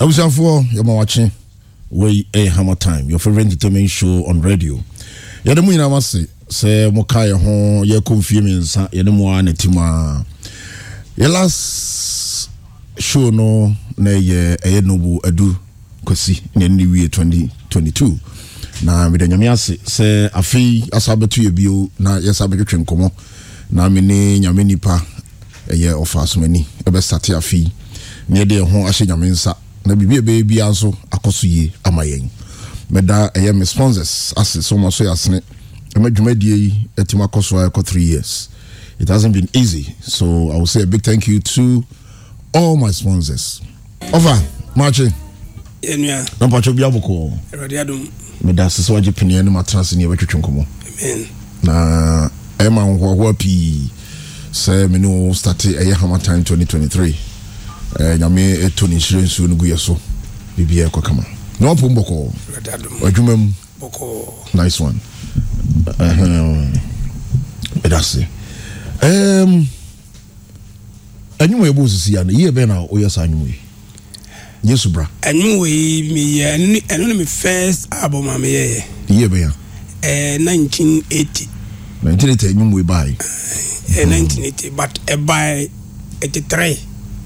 abusuafoɔ yɛma wakye wei ɛyɛ hammer time your favorite entertainment show on radio yɛde mu nyinaa wase sɛ moka yɛ ho yɛkɔ mfie mmiɛnsa yɛne mu a ne tim yɛ last show no na ɛyɛ ɛyɛ nobu adu kwasi na ɛne wie 2022 na meda nyame ase sɛ afei asa bɛto yɛ bio na yɛsa bɛtwetwe nkɔmmɔ na mene nyame nipa ɛyɛ ɔfa asomani ɛbɛsate afei na yɛde yɛ ho ahyɛ nyame nsa na biribi a ɛbɛyɛ biara nso akɔ so yie ama yɛn mɛda ɛyɛ me sponsors ase so ma so yɛ asene ɛma dwumadie yi atim akɔ so a three years it hasn't been easy so i will say a big thank you to all my sponsors ɔfa maakye yɛnua na mpatwa bi abɔkɔ awurade adom meda ase sɛ wagye peneɛ no matena ase ne yɛbɛtwetwe nkɔmmɔ na ɛma nhoahoa pii sɛ me ne wo starte ɛyɛ hammer time 2023 Eh, nyame ɛtɔ ne nhyire nsuo no gu yɛ so biribiaa ɛkɔ kama na wapom bɔkɔɔ adwuma mu nice one ɛda se anwuma yɛbɔ osisi ano yie bɛn na woyɛ saa anwuma yi yesu bra anwuma yi meyɛ ɛno ne me first album a meyɛyɛ yie bɛn a 1980 1980 anwuma yi bae 1980 eh, eh, but ɛbae 83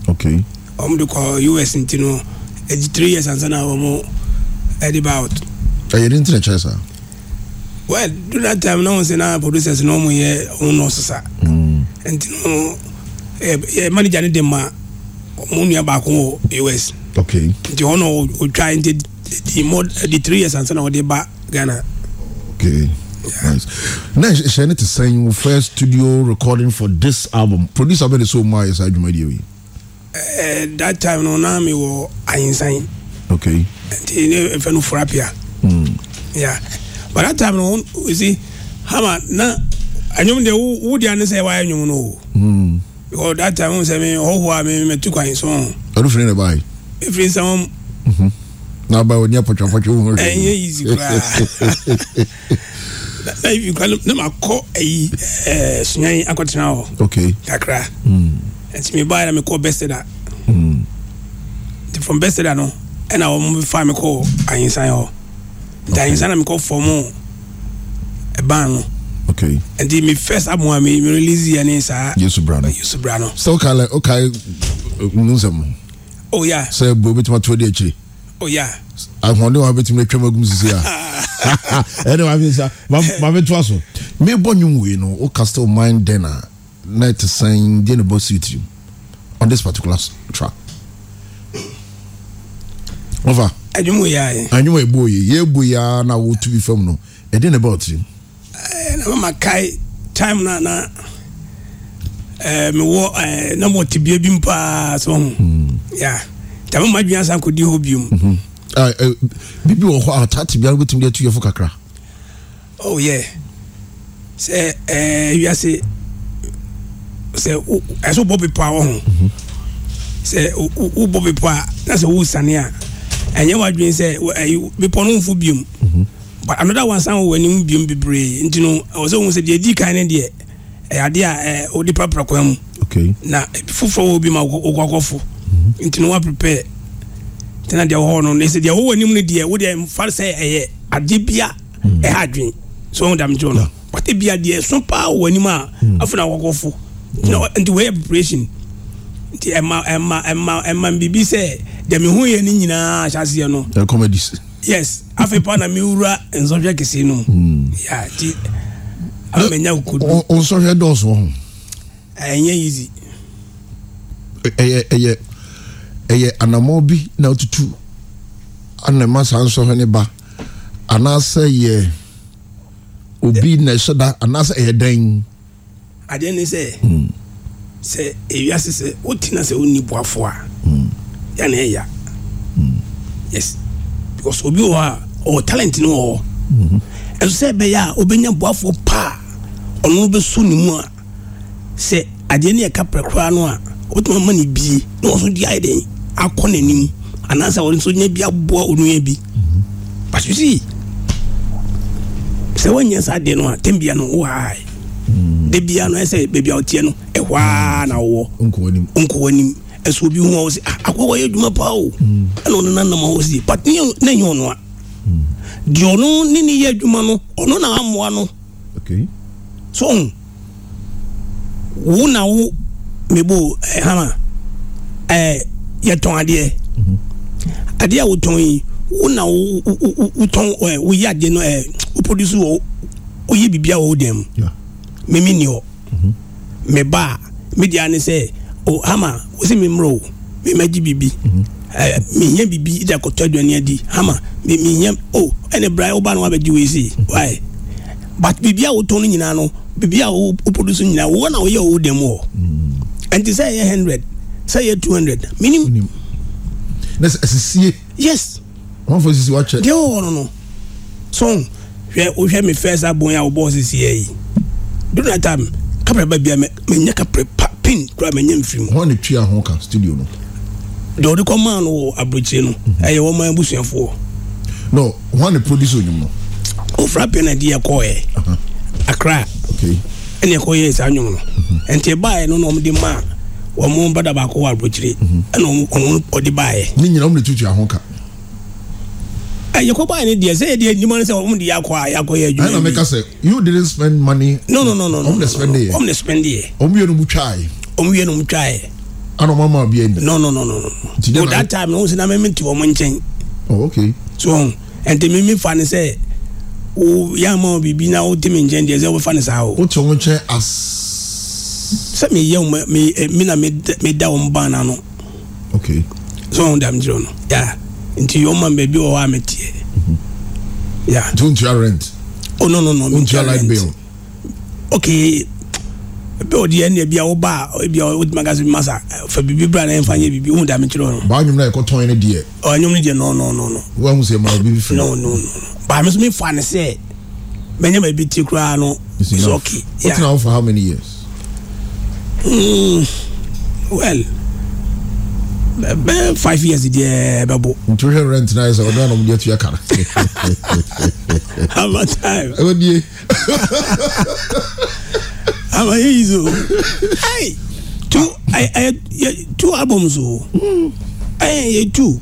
okay wɔn de kɔ us nti no ɛdi three years ansa na wɔn ɛde ba out. ɛyɛ ne ntina kyerɛ saa. well during that time na wɔn sɛ na producers na wɔn yɛ wɔn nɔɔso sa. Mm. nti no ɛ ɛ manager ne de ma wɔn nua baako wɔ us. okay nti wɔn na ɔtwa nti di mo di three years ansa na wɔde ba ghana. okay. Yeah. Nice. Now, Shani to sing first studio recording for this album. Producer, I'm going to so much as you do my ɛɛ that time no naa mi wɔ ayinsan. okay. nti ne fɛn no fura pia. Mm. yeah but that time no you see hama na anyom de wo wo di ani sɛ wa anyom no o. Hmm. because that time n sɛ mi hɔhoa mi mi tu kwan sɔn. olùfẹ́ ne báyìí. efiri nsɛm. n'aba o ní apɔtɔpɔtɔ wọn. ɛ n ye easy koraa na ibi kwan ne ma kɔ ɛyi ɛɛ sunyɛn akɔtena hɔ. okay. kakra. Mm nti mi baa yɛ na mi kɔ bɛsɛda nti from bɛsɛda no ɛna wɔn fa mi kɔ ahinsan hɔ nti ahinsan na mi kɔ fɔm ɛban no okay. And then my first album, I mean, release the name, sir. Yusu Brano. Yusu Brano. So, Kale, okay. Nunzam. Oh, yeah. So, Bobby to my 28. Oh, yeah. I wonder how betting the Tremor Gums is here. Anyway, I mean, sir, Mamma Twasso. Me born you, you know, or cast of mine dinner na ɛte sɛn deɛ na on this particular track. ɔfa. adwuma yi ayɛ. adwuma yi bu oye yɛ bu ya na wotu bi fam no ɛde na ɛbɔ ɔtiri. ɛɛ na mama kae time na na ɛɛ mewɔ ɛɛ na mɔ tibia bi mu paa so ho hmm. ya jama ma dua san ko di hɔ bi mu. ɛɛ bibi wɔ hɔ a taa tibia bi tumi de tu yɛ fo kakra. oh yeah sɛ ɛɛ eh, wiase. sɛ ɛsɛ wobɔ bepɔ a wɔ ho sɛ wobɔ bepɔ a na sɛ wosane a ɛnyɛ wadwene sɛ bepɔ no mfo biom but anoda wansan wɔ w'anim biom bebree nti no ɛwɔ sɛ wohu sɛ deɛ di kan no deɛ ɛyɛ Ade a wode prapra kwan mu na foforɔ wɔ bi ma wokɔkɔfo nti no woaprepare nti deɛ wɔhɔ no sɛ deɛ wɔwɔ anim no deɛ wodeɛ mfa sɛ ɛyɛ adeɛ bia ɛha adwene so wohu dam no but ebia deɛ so paa wɔ anim a hmm. afei wɔkɔfo na nti wɔyɛ preparation nti ɛma ɛma ɛma ɛma bibi sɛ dɛmi hu yɛ ne nyinaa ahyɛseɛ no. ɛ comedies. yes afei pa na mi wura nsɔhwɛ kese no. Hmm. ya ti ama nya ko. nsɔhwɛ dɔɔso wɔn. ɛnyɛ yizi ɛyɛ ɛyɛ ɛyɛ anamɔ bi na otutu anamɔ saa nsɔhwɛ ne ba anaasɛ yɛ obi na ɛhyɛ da anaasɛ ɛyɛ dan adeɛ ne sɛ hmm. sɛ ewiase sɛ wotina sɛ wonni boafo a hmm. yɛne ɛya hmm. yes because obi wɔ a ɔwɔ talent no wɔ hɔ ɛso sɛ ɛbɛyɛ a wobɛnya boafoɔ paa ɔno wobɛso ne mu a sɛ adeɛ ne yɛka prɛ koraa no a wobɛtumi ama ne bie na wɔso di ayɛ dɛn akɔ n'anim anaasɛ wɔde nso nya bi aboa onua bi but you see sɛ woanyɛ saa adeɛ no a tɛm bia no wo aae debi bia ɛsɛ baabi a ɔteɛ no ɛhɔ ara na ɔwɔ nkɔwɔ anim ɛsɛ obi hu a ɔsi ah, akɔkɔ yɛ adwuma paa o ɛna ɔno nanam a ɔsi ne nyɛ ɔno a deɛ ɔno yɛ adwuma no ɔno na amoa no so ɔn wo hama yɛtɔn adeɛ adeɛ a yi wo na wo wo tɔn adeɛ mímí ni ọ mi mm-hmm. ba mi di ani sẹ o oh, hama o si mi mìíràn o mi ma ji bibi ẹ mm-hmm. eh, mi yẹn bibi ìdí akọtọ aduane adi hama mi mi yẹn oh, o ẹni bra ọba ni wọn bẹ ji wei si mm-hmm. wáyé but bibi a wotɔn no nyinaa no bibi a wo produce nyinaa wɔn na wɔyɛ o dɛm wɔ ɛnti sɛ ɛyɛ hundred sɛ ɛyɛ two hundred minim. na sisie. yes. wọn fɔ sisi wa kyɛ. deɛ wɔwɔ no no so hwɛ o hwɛ mi fɛs abɔn yi o bɔ sisi yɛ yi during that time kapraba bia menyɛ kapra pa pin koraa menyɛ mfiri mu. wọn ni tuya ho ka studio no. deɛ ɔde kɔ maa no wɔ aburukyire no mhm. ɛyɛ wɔn maa abusuafoɔ. no wọn ni produce onyim no. ofura pia na di yɛ kɔɔ yɛ akra ɛna ɛkɔ yɛ saa nyom no mhm. nti baayɛ no na wɔn de maa wɔn bada baako wɔ aburukyire mhm. ɛna wɔn ɔde baayɛ. ne nyinaa wɔn ni tuya ho ka ɛyɛ eh, kɔ báyìí ni diɛ sɛ yɛ diɛ ɲuman ni sɛ ɔmu di yakɔ a yakɔ yɛ jumɛn. na mi ka you didn't spend money. no no no no no. de spend yɛ ɔmu de spend yɛ. ɔmu yɛ numu twa yɛ. ɔmu yɛ numu twa yɛ. ana ɔmu ama bia yɛ. no no no no no that time ɔmu sinna mi ti ɔmu nkyɛn. oh okay. so ɛnti mi mi fa ni sɛ o yà máa bìbí náà o ti mi nkyɛn diɛ sɛ o bɛ o. o ti as sɛ mi yɛ mi na mi da ɔmu ban na no. okay. so ɔmu dàm jiri ɔnu yaa. Yeah nti yóò mọ bẹẹbi wọ hɔ a mi tiɛ. ya tun rent. oh, no no no mi tia rent ok ebi o di yɛ ni ebi awo ba ebi awo o ti ma ka se bi ma sa fɛ bibi bira na yɛn fa n ye bibi o hun da mi tiri o. baa nyɔmu na yɛ kɔ tɔn yɛ ne diɛ. ɔ nyɔmu ni diɛ nɔ nɔ nɔ nɔ. wa n maa bibi fɛ. no no no baa mi sɔn mi fa ni sɛ mɛ n yɛ ma ebi ti kura no. it's okay. o tina aw for how many years. Hmm. well bɛɛ five years deɛ bɛ bɔ. n tun yɛ rent n'a ye sɛ ɔdun anam yɛ tuya kan. ama time. o di ye. ama ye yi so. ayi two ayi ayi two albums o. Oh. ayi ye two.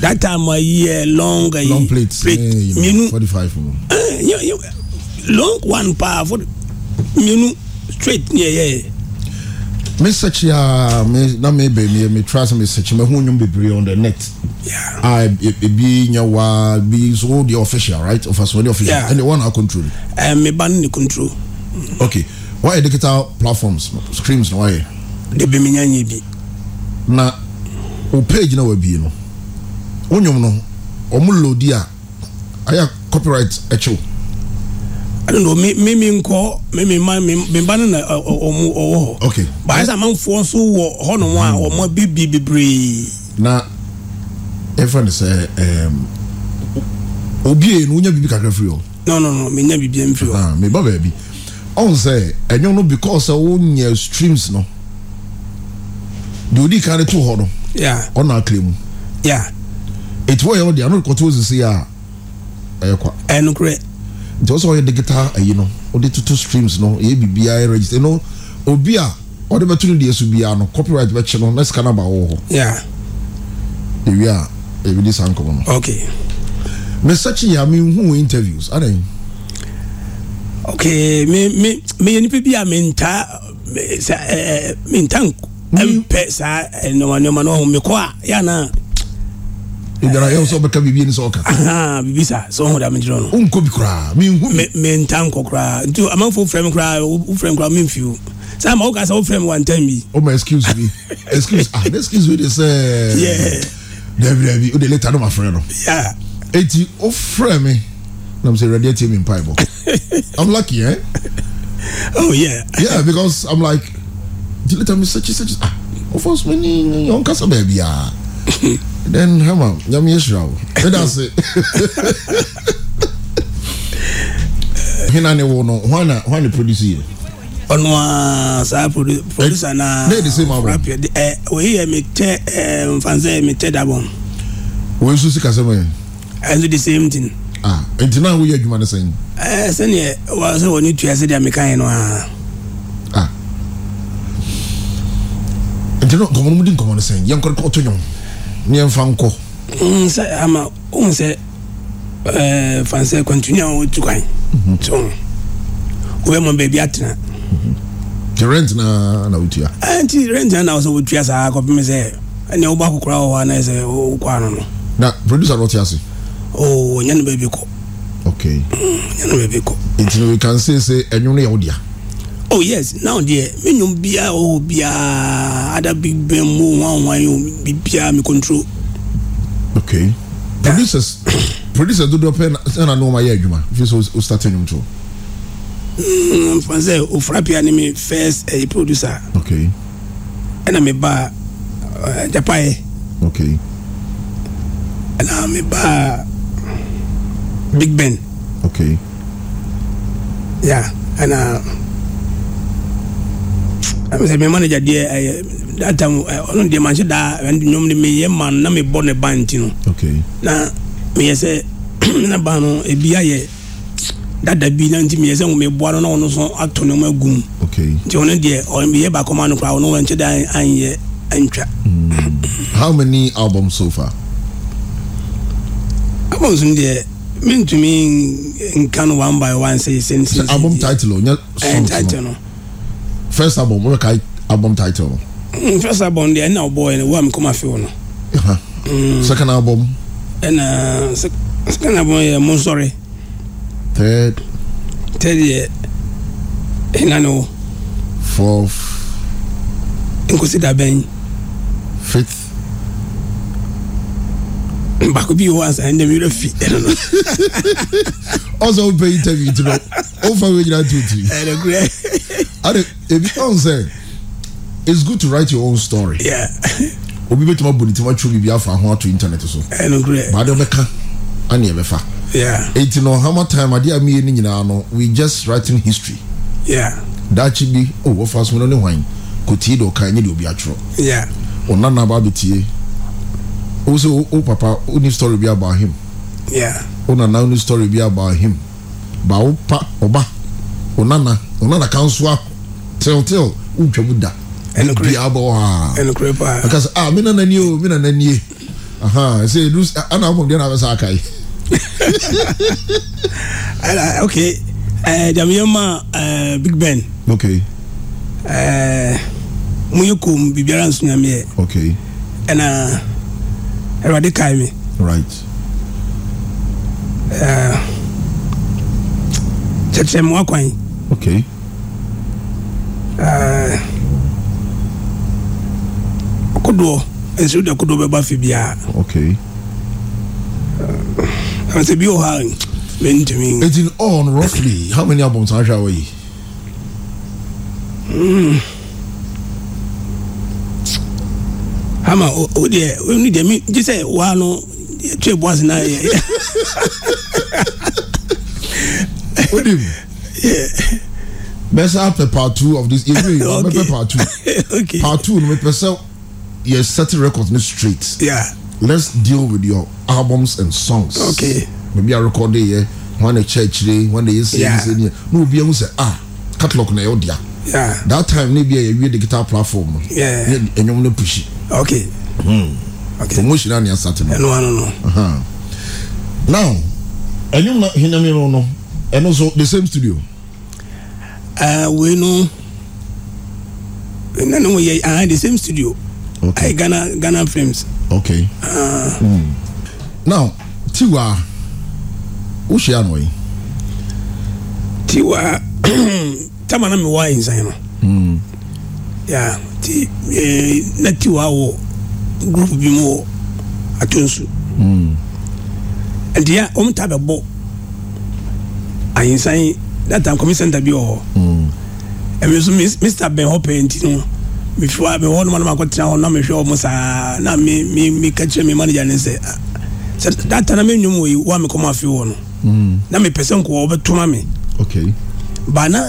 that time a year long a eh, long plate plate forty five. long one pa forty straight ni ye ye me search ya me na me be me me trust me search me hu nyum bebre on the net yeah i e, e, be nyawa be so the official right of us the official yeah. and the one i control eh me ban ni control okay why digital platforms screams no why de be me nyanyi bi na o page na wa bi no onyum no omulo ya aya copyright echo eh, I don't know, mímí nkọ mímí mma mímba no na ọmọ hmm. ọwọ hɔ. Ba Bàyẹ̀ sá amanfoɔ nso wɔ hɔnom a wɔn bibi bebree. Na efa ne sɛ ɛɛm obi yɛ e, no wonya bibi kakra firi hɔ. No no no, mi nya bibi nfiri hɔ. Ah, mi ba baabi. Ɔn sɛ ɛnyɛ no because wonya streams no. Deɛ odi kan to hɔ no. Yeah. Ɔna akele mu. Yeah. Etu wɔ ɔdi ano kɔtɔ osisi a ɛyɛ kwa. Ɛnukurɛ. nti wọ́n sọ wọ́n yɛ digital ayi no wọ́n tutu streams no yɛ bibi ayɛ register no obi a ɔde bɛtu ne deɛ so biara no copyright bɛkyɛ no na sika na ba wɔ hɔ. Yeah. ewi a ebi di saa nkɔmɔ no. okay. mɛsɛkyi yi a mi hu wɔ interviews adan. okay mi mi mi yɛ nipa bi a mi nta sa ɛɛ mi nta mpɛ saa ɛnɔmɔnɔmɔ no ɔhun mi kɔ a yanni a ebira yɛ eh, sɛ ɔbɛka biribi ni sɛ ɔka. biribi sa sɛ ɔmo da mi kyerɛ o nkɔ bi koraa mi nku mi. mɛ nta nkɔ koraa nti amanfo fira mi koraa o fira mi koraa mi o saa ma o ka sa o fira mi wa ntɛn bi. o oh, ma excuse me excuse ah ne excuse me de sɛ. dabi dabi o de later no ma fira no. eti o fira mi na mi sɛ radio tie mi mpa bɔ i'm lucky eh. oh yeah. yeah because i'm like the later mi sɛ kyi sɛ kyi ah of course mi ni ɔnkasa baabi ah. then hama nyame yɛhyira wo meda se hena ne wo no hwana hwane produce yɛ ɔno a saa producer na ne de same album ɛ oyi yɛ metɛ ɛ mfansɛ metɛ dabɔn wɔn nso sika sɛm yɛ ɛnso the same thing ah nti na woyɛ adwuma eh, no sɛn ɛɛ sɛneɛ wɔ sɛ wɔne tua sɛdeɛ meka yɛ no aa ah nti na nkɔmmɔ di nkɔmmɔ no sɛn yɛnkɔre kɔtɔ nwom yɛmfa nkɔ sɛ ama wohu sɛ fan sɛ kwantuni a wɔtu kwan mhm. so wobɛma baabi atena mhm. nti rent na na wotua nti rent na na wo sɛ wotua saa kɔpem sɛ ɛnea woba kokora wɔ hɔ ana sɛ wokɔa no no na producer no ɔte ase ɔnyɛ no baabi kɔ okay mm, ɔnyɛ no baabi kɔ nti no we can say sɛ ɛnwono yɛ wo dea oh yes now there me nnwom biara ɔwɔ hɔ oh, biara ada bi one one you yi o bibiara me control. okay producers producers dodo pɛ ɛna n'o ma yɛ adwuma man. If you start ɛnum to. nfa sɛ ofura pia ne mi first a eh, producer. okay eh, and I'm ba bar eh, japa yɛ. okay I'm mi bar big ben. okay ya yeah, ɛna. sɛ eh, eh, me manager deɛ ɛyɛ that a ɔno deɛ manhyɛ daa nnwom no meyɛ ma no na mebɔ ne ban nti no na oh, meyɛ sɛ na ban no ayɛ dada bi na nti meyɛ sɛ meboa no na ɔno so ato ne mu agu mu nti ɔno deɛ meyɛ no koraa ɔno da anyɛ antwa hmm. how many so far albums no deɛ mentumi nka no one by one sɛ album title oh, eh, songs first album wọn bɛ ka album title hmm, first album deɛ ɛna ɔbɔ yɛ no wa mi kɔma fi wɔn. Uh-huh. Hmm. second album. ɛna uh, second album yɛ mo sɔre. third. third yɛ ɛna ni wo. fourth. nkosi da bɛn. fifth baako bi wɔ asan ɛnna mi yɛrɛ fi ɛnna. ọsọ wopɛ interview ti no ofa wo nyina to ti ade ebi ɔn sɛ it's good to write your own story obi bɛ tuma bɔ ne ti ma tso bibi afa ho ato internet so baade bɛ ka ani ɛbɛ fa eti no hama time adi a mi yɛ nyinaa no we just writing history daakye bi o wɔfa so no oh, ne hwan kò tie de ɔka nye de obi atwerɛ ɔnana ba bi tie o sɛ o papa o oh, ni story bi about him. Yeah una now new story be about him ba wo pa ọba onana onana kan so a till till wotwa mu da ɛnukure bi abɔ ha ɛnukure paa ɛka sɛ ah mi na nani o mi na nani ye ahan ɛsɛ edu ana ɔmɔ deɛ na abɛsa aka yi. ɛna ok ɛɛ ma big ben. ok ɛɛ mun ye kom bibiara nsunyamiɛ. ok ɛna ɛwɛ adi kaa mi. right kyerɛkyerɛ akwan okay. Eh, kodoɔ nsu de kodoɔ bɛba fi biara okay. uh, sɛ bi wɔ ha mentumi it's in on roughly how many albums ahwɛ awɔ yi mm. o deɛ o ni deɛ mi gye waa no yɛtu ebu ase na yɛ. o de mu. bɛsɛ after part two of this ewu ewu okay. mɛpɛ part two okay. part two no mɛpɛ sɛ yɛ setting records ni straight. Yeah. let's deal with your albums and songs. okay. maybe i record de yɛ wọn na kyɛ akyire wọn na yɛ sɛ yɛ sɛ yɛ na obi ɛhu sɛ ah catalog na yɛ ɔdia. Yeah. that time ne bi a yɛ wie the guitar platform no. Yeah. ɛnyɔm ne pushi. okay. Hmm okay. promotion ani asate no. ɛnu ano now ɛnum na hinami no no ɛnu so the same studio. Uh, wei no nane mo yɛ ah, the same studio okay. ayɛ ghana ghana films. okay. Uh, now tiwa wohyia no yi. tiwa tama na mi wá nsan no. Mm. ya yeah, ti eh, na tiwa wɔ group bi mu wɔ atonso hmm. nti a wɔn ta bɛ bɔ ahinsan that time community center bi wɔ hɔ hmm. ɛmi nso mr ben hɔ pɛɛ nti no mefi hɔ a bɛ hɔ no ma no ma kɔ tena hɔ na mehwɛ wɔn saa na mi mi mi ka kyerɛ mi manager ne sɛ sɛ that time mi nnwom wɔ yi wa mi kɔn mu afi wɔ no hmm. na mi pɛ sɛ nkɔ wɔ bɛ tuma mi baana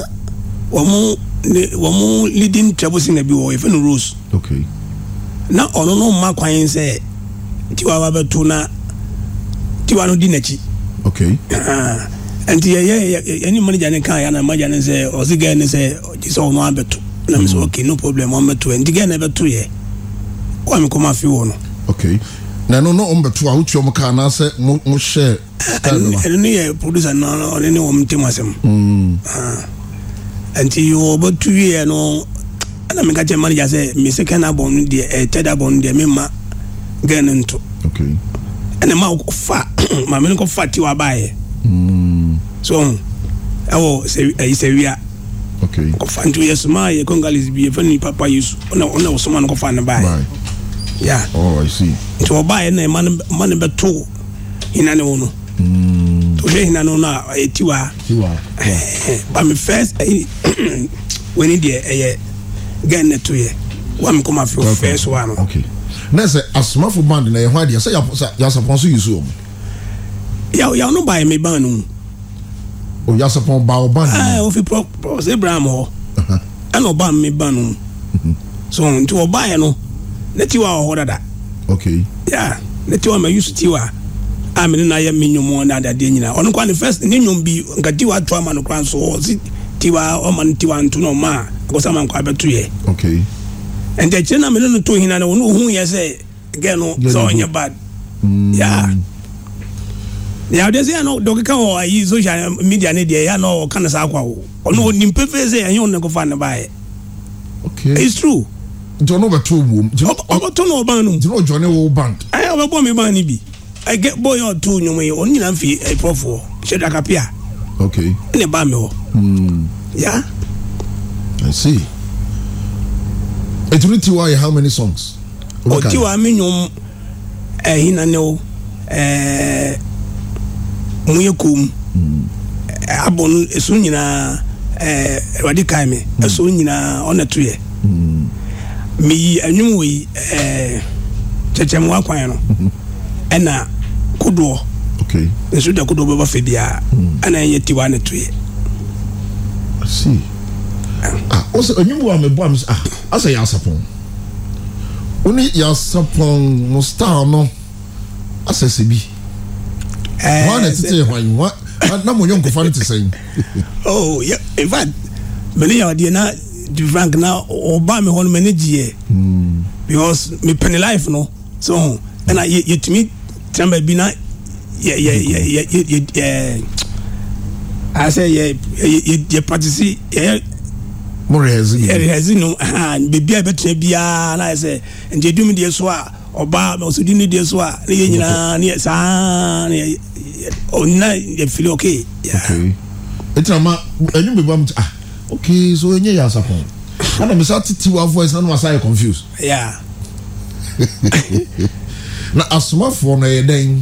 wɔn mu ne wɔn mu leading trouble singer bi wɔ yɛ fɛ no rose. Okay na ɔno no mma kwan sɛ tiwa wa bɛto na tiwa no di n'akyi. okay. Uh, nti yɛ yɛ yɛ ni manager ne kan yɛ na manager ne sɛ ɔsi gɛɛ ne sɛ ɔdi sɛ ɔno abɛto na mi sɛ mm. okay no problem ɔn bɛto yɛ nti gɛɛ na ɛbɛto yɛ kɔn mi kɔ wɔ no. okay na ɛno no ɔn bɛto a wotua ɔmo kaa anaasɛ mo mo hyɛ. Ah, ɛno ne yɛ producer no ɔne ne wɔn ntɛm asɛm. Mm. Ah, nti ɔbɛtu yɛ no ɛna meka kyɛ manager sɛ me second abɔ no deɛ eh, third abɔ no deɛ mema gɛ no nto okay. ɛna ma fa maame no kɔfa ti wabaayɛ mm. so ɛwɔ eh, sɛwia okay. kɔfa nti yɛ soma yɛ congalis bi yɛfɛ no papa yesu ɔna wɔ soma no kɔfa oh, no baayɛ ya nti ɔbaayɛ na ma no bɛto hina ne wo no tohwɛ mm. hina no no a ɛyɛ tiwa ba me first eh, wani deɛ ɛyɛ ghana na toyɛ wɔn kɔn ma fi o fɛn so ano. na sɛ asomafo band na yɛ ho adeɛ sɛ yasapɔn so yi so wɔn. yaw yaw no baa yɛ mi ban no mu. o yasapɔn baa o ban no mu. ɛɛ o fi pɔ pɔ se hɔ uh-huh. ɛna ɔbaa mi ban mu mm-hmm. so nti ɔbaa yɛ no ne ti wa ɔhɔ dada. okay. ya ne ti wa ma yusu ti wa a mi ne na yɛ mi nyɔmɔ na adadeɛ nyinaa ɔno kɔ ni fɛs ne nyɔm bi nka ti wa to ama no kora nso ɔsi ti wa ɔma ne ti wa ntu ɔma a kɔsa ma nkɔ abɛto yɛ ɛnti akyire na mene no to hina no ɔno ɔhu yɛ sɛ gɛ no sɛ ɔnyɛ bad ya hmm. ya ɔde sɛ yɛno dɔkeka wɔ ayi social media ne deɛ yɛ na ɔka no saa kwa wo ɔno ɔnim hmm. pefee sɛ ɛnyɛ wo ne kɔfa ne baeɛ it's true jɔn bɛ to wo ɔbɛ to na ɔban no jɔn jɔn ne wo ban ɛɛ ɔbɛ bɔ mi ban ni bi ɛgɛ bɔ yɛ ɔto ɲɔgɔn ye ɔno nyina fi ɛpɔfo eh, sɛdakapia ɛna ba mi wɔ hmm. ya. Yeah? I see. Ètùrí tiwa yẹ how many songs? Ọtí wa mi nyom ẹ̀yin nani o mu mm. mm. yẹ kom mm. abọ no esu nyinaa ẹ̀wádìí kan mi esu nyinaa ọ̀nà tu yẹ. Miyi enyim wei kyẹkyẹ mu akwa yẹn no ẹna kodoɔ nsu da kodoɔ bɛ ba fɛ biara ɛna ɛyɛ tiwa ne tu yɛ. I see. ɔsɛ enyim wɔ ame bɔ ame asɛ yasapɔn wone yasapɔn no star no asɛ sɛ bi wɔn na tete hwan wa na mo nyɛ nkɔfa no te sɛn. oh yeah in fact mene yɛ ɔdeɛ na to frank na ɔba mi hɔ no mene gyeɛ because mi pene life no so ɛna yɛtumi tẹnba bi na yɛ yɛ yɛ yɛ yɛ yɛ yɛ ayɛ sɛ yɛ yɛ yɛ yɛ patisi yɛ mo rehearse yi rehearse no beebi a bɛtena biara na yɛ sɛ nti edum deɛ so a ɔbaa ɔsodi ne so a ne yɛ nyinaa ne yɛ saa ne yɛ fili okay. okay etina ma enyim beebi am ah okay so enye yɛ asakɔn ana mesa titi wa voice na no ma sa yɛ confuse. Yeah. na asomafoɔ no yɛ dɛn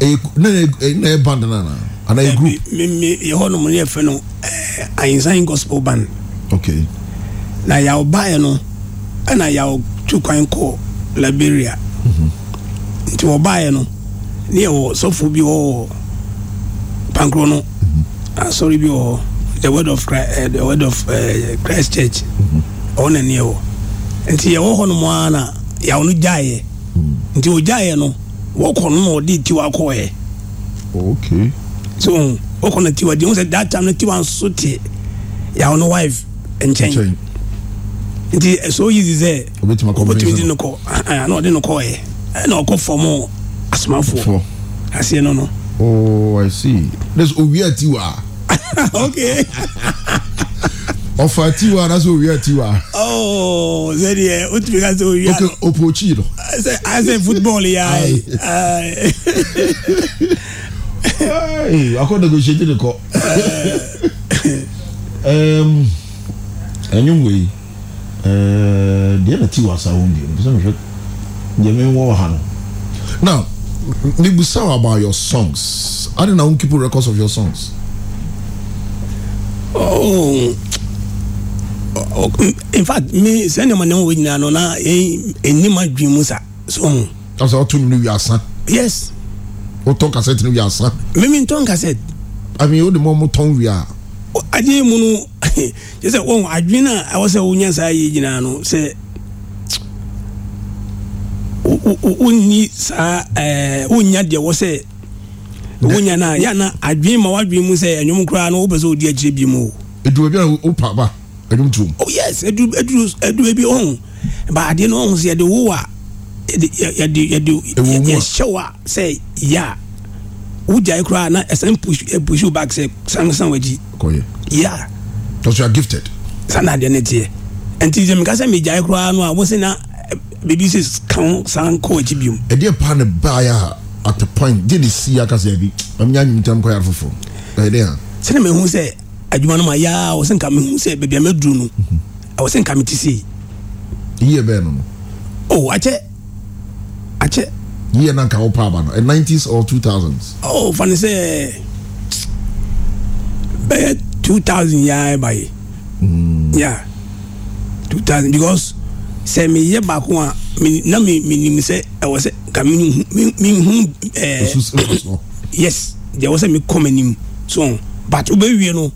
ɛyɛ na yɛ band nana ana yɛ group. mi mi yɛ hɔ nom ne yɛ fɛ no ɛɛ ayinsan gospel band okay. na yàwó báyìí no ɛna yàwó tu kɔ liberia mhm. nti wɔ báyìí no ne yɛ wɔ sɔfo bi wɔ wɔ pankuro no mhm. asɔre bi wɔ the word of christ, uh, the word of uh, christ church mhm. ɔwɔ na ne yɛ wɔ nti yɛwɔ hɔ no mu ara na yàwó no gyaeɛ nti ogyaeɛ no wɔkɔ no na ɔde tiwa kɔɛ. okay. so wɔkɔ na tiwa di, n sɛ that time no tiwa nso te yàwó no wife nkyɛn nti eh, so easy sɛ obetumi di no kɔ ah, ah, na ɔde no kɔ yɛ ɛna eh, ɔkɔ fɔm asomafoɔ aseɛ no no. oh i see That's owi ati okay. ɔfa tiwa That's sɛ owia tiwa. ɔɔ sɛdeɛ o tun bɛ ka se owia. ok opochi lɔ. ɛsɛ ɛsɛ football ya ye. a ko negotiate de kɔ. Um, ɛnyɛ wei ɛɛ deɛ na ti wɔ asa wɔn bi mpɛ sɛ mehwɛ deɛ mi wɔ ha no. now nibusa about your songs how do na won keep records of your songs. Oh, oh in fact me sɛnea ma ne ho nyinaa no na ɛnim adwi mu sa so mu. kasa ɔtɔ nu wi asa. yes. o tɔn kasɛti nu wi asa. mímí n tɔn kasɛti. ami o de mɔ mo tɔn wi a. Adi mu no kyɛ sɛ wɔn adwene a ɛwɔ sɛ wonya saa yɛ gyinaa no sɛ wonni saa eh, wonnya deɛ wɔ sɛ wonya no a yɛna adwene ma woadwene mu sɛ ɛnwom koraa no wopɛ sɛ wodi akyirɛ bi mu o aduba bi a wopa ba ɛnwom tuom oh yes aduba bi ɔho baadeɛ no ɔho sɛ yɛde wo a yɛde yɛde yɛhyɛ wo a sɛ yɛ wogyae koraa na ɛsan push you back sɛ sansan w'akyi yeah because you are gifted sanni adeɛ ne teɛ nti sɛ mika sɛ megyae koraa no a wosi na biribi sɛ kan san kɔ akyi biom ɛdeɛ paa ne baayɛ at the point gye de si aka sɛ bi ɔmenya nwintam kɔ yare foforɔ ɛdeɛ a sɛne mahu sɛ adwuma no ma yaa wɔ sɛ nka mehu sɛ baabi a maduru no ɛwɔ sɛ nka mete sei yie bɛɛ no no o akyɛ akyɛ yíyẹ náà kà ó pa àbá ẹ nineties or two thousands. ọ fani sẹ bẹẹ two thousand yà ẹ báyìí hmm. yà two thousand because sẹ mi yẹ baako a na mi mi nim sẹ ẹ wọ sẹ ka mi hu mi hu ẹ yes jẹ wọ sẹ mi kọ mi nim so but o bẹ wie no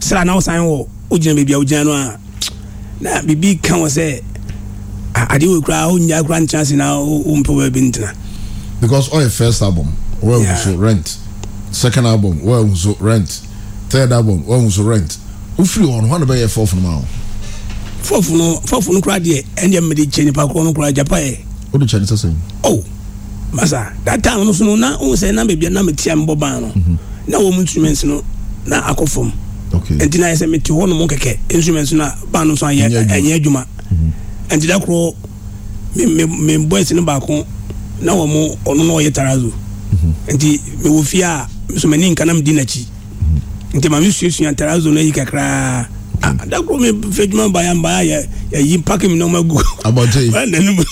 sira náà san wọ o gyina baabi a o gyina no a na bibi kan wọ sẹ adeɛ wɔ kura onya kura ntina se na ompɛ wɔ bi ntina. because ɔyɛ first album wɔyɛ yeah. nso rent second album wɔyɛ nso rent third album wɔyɛ nso rent ofiri hɔ no hɔn na bɛyɛ fourth no ma o. fourth no fourth no kura deɛ ɛnna mi de kyɛ nipa kɔn no kura japa yɛ. o de kyɛ ne sɛsɛn. o masa that time no so no na n sɛ na beebi na mi tia n bɔ ban no mhm. na wɔn mu instruments no na akɔ fam. okay ntina yɛ sɛ mi ti hɔ nom kɛkɛ instruments na ban no so ayɛ ɛnyɛ adwuma nti da korɔ me me me boys no baako na wɔn mo ɔno na ɔyɛ tarazo nti me wɔ fie a musomani nka na me di n'akyi nti maame suasua tarazo no yi kakraa da korɔ me fɛ dwuma mbaya mbaya yɛ yɛyi paki mi na ɔmo agu abɔnten wɔn nanu mu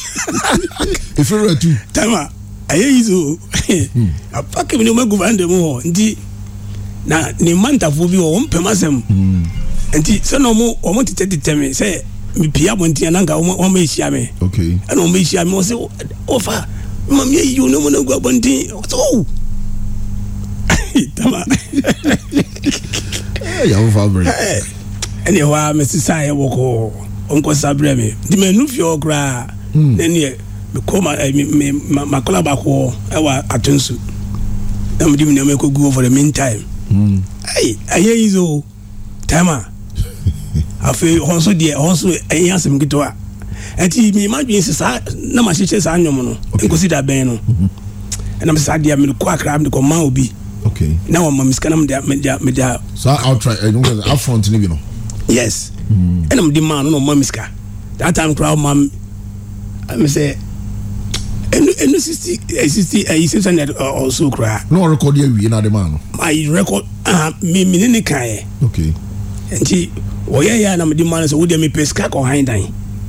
tu tama ɛyɛ yi so paki mi na ɔmo agu fan dɛm hɔ nti na ne mantafoɔ bi wɔ wɔn pɛm asɛm nti sɛ na ɔmo ɔmo tetɛ tetɛ mi sɛ mipie abɔnten na nka wɔn bɛ hyia mi ɛna wɔn bɛ hyia mi wɔn sɛ ɔfa mami yi yio ne mu na gu abɔnten wɔsɛ ɔwɔ oh! tama yàwó fa abiri ɛna ɛhɔ a mɛ sisan yɛ wɔ kɔ ɔnkɔ sabirɛ mi dimi ɛnu fi hɔ koraa yɛ mi kɔ ma ɛ eh, mi ma ma kɔla baako ɛwɔ atunsu na mi di mi nɛɛma kɔ gu wɔ for the main time ɛyi hmm. ayɛ yi so tama afei wɔn nso deɛ wɔn nso ɛyɛ eh, eh, asɛm ketewa ɛti eh, mìíràn dwi sɛ saa na ma hyehyɛ saa nyɔm no nkosi da bɛn no ɛnam saa deɛ mi kɔ akra mi kɔ ma obi na wɔn ma mi sika na mi deɛ mi deɛ mi deɛ. saa outright ɛnu kɛ afront ni bi no. yes ɛnam mm-hmm. di maa no na ɔma mi sika that time kura ɔma mi ɛmi sɛ ɛnu ɛnu sixty ɛ sixty ɛyi six hundred ɔso kura. n'o record yɛ wie na de maa no. ayi record ah, mi mi ne ne kan yɛ. okay nti wɔyɛ yɛ a na ma no sɛ wodeɛ mepɛ sika ka ɔhan dan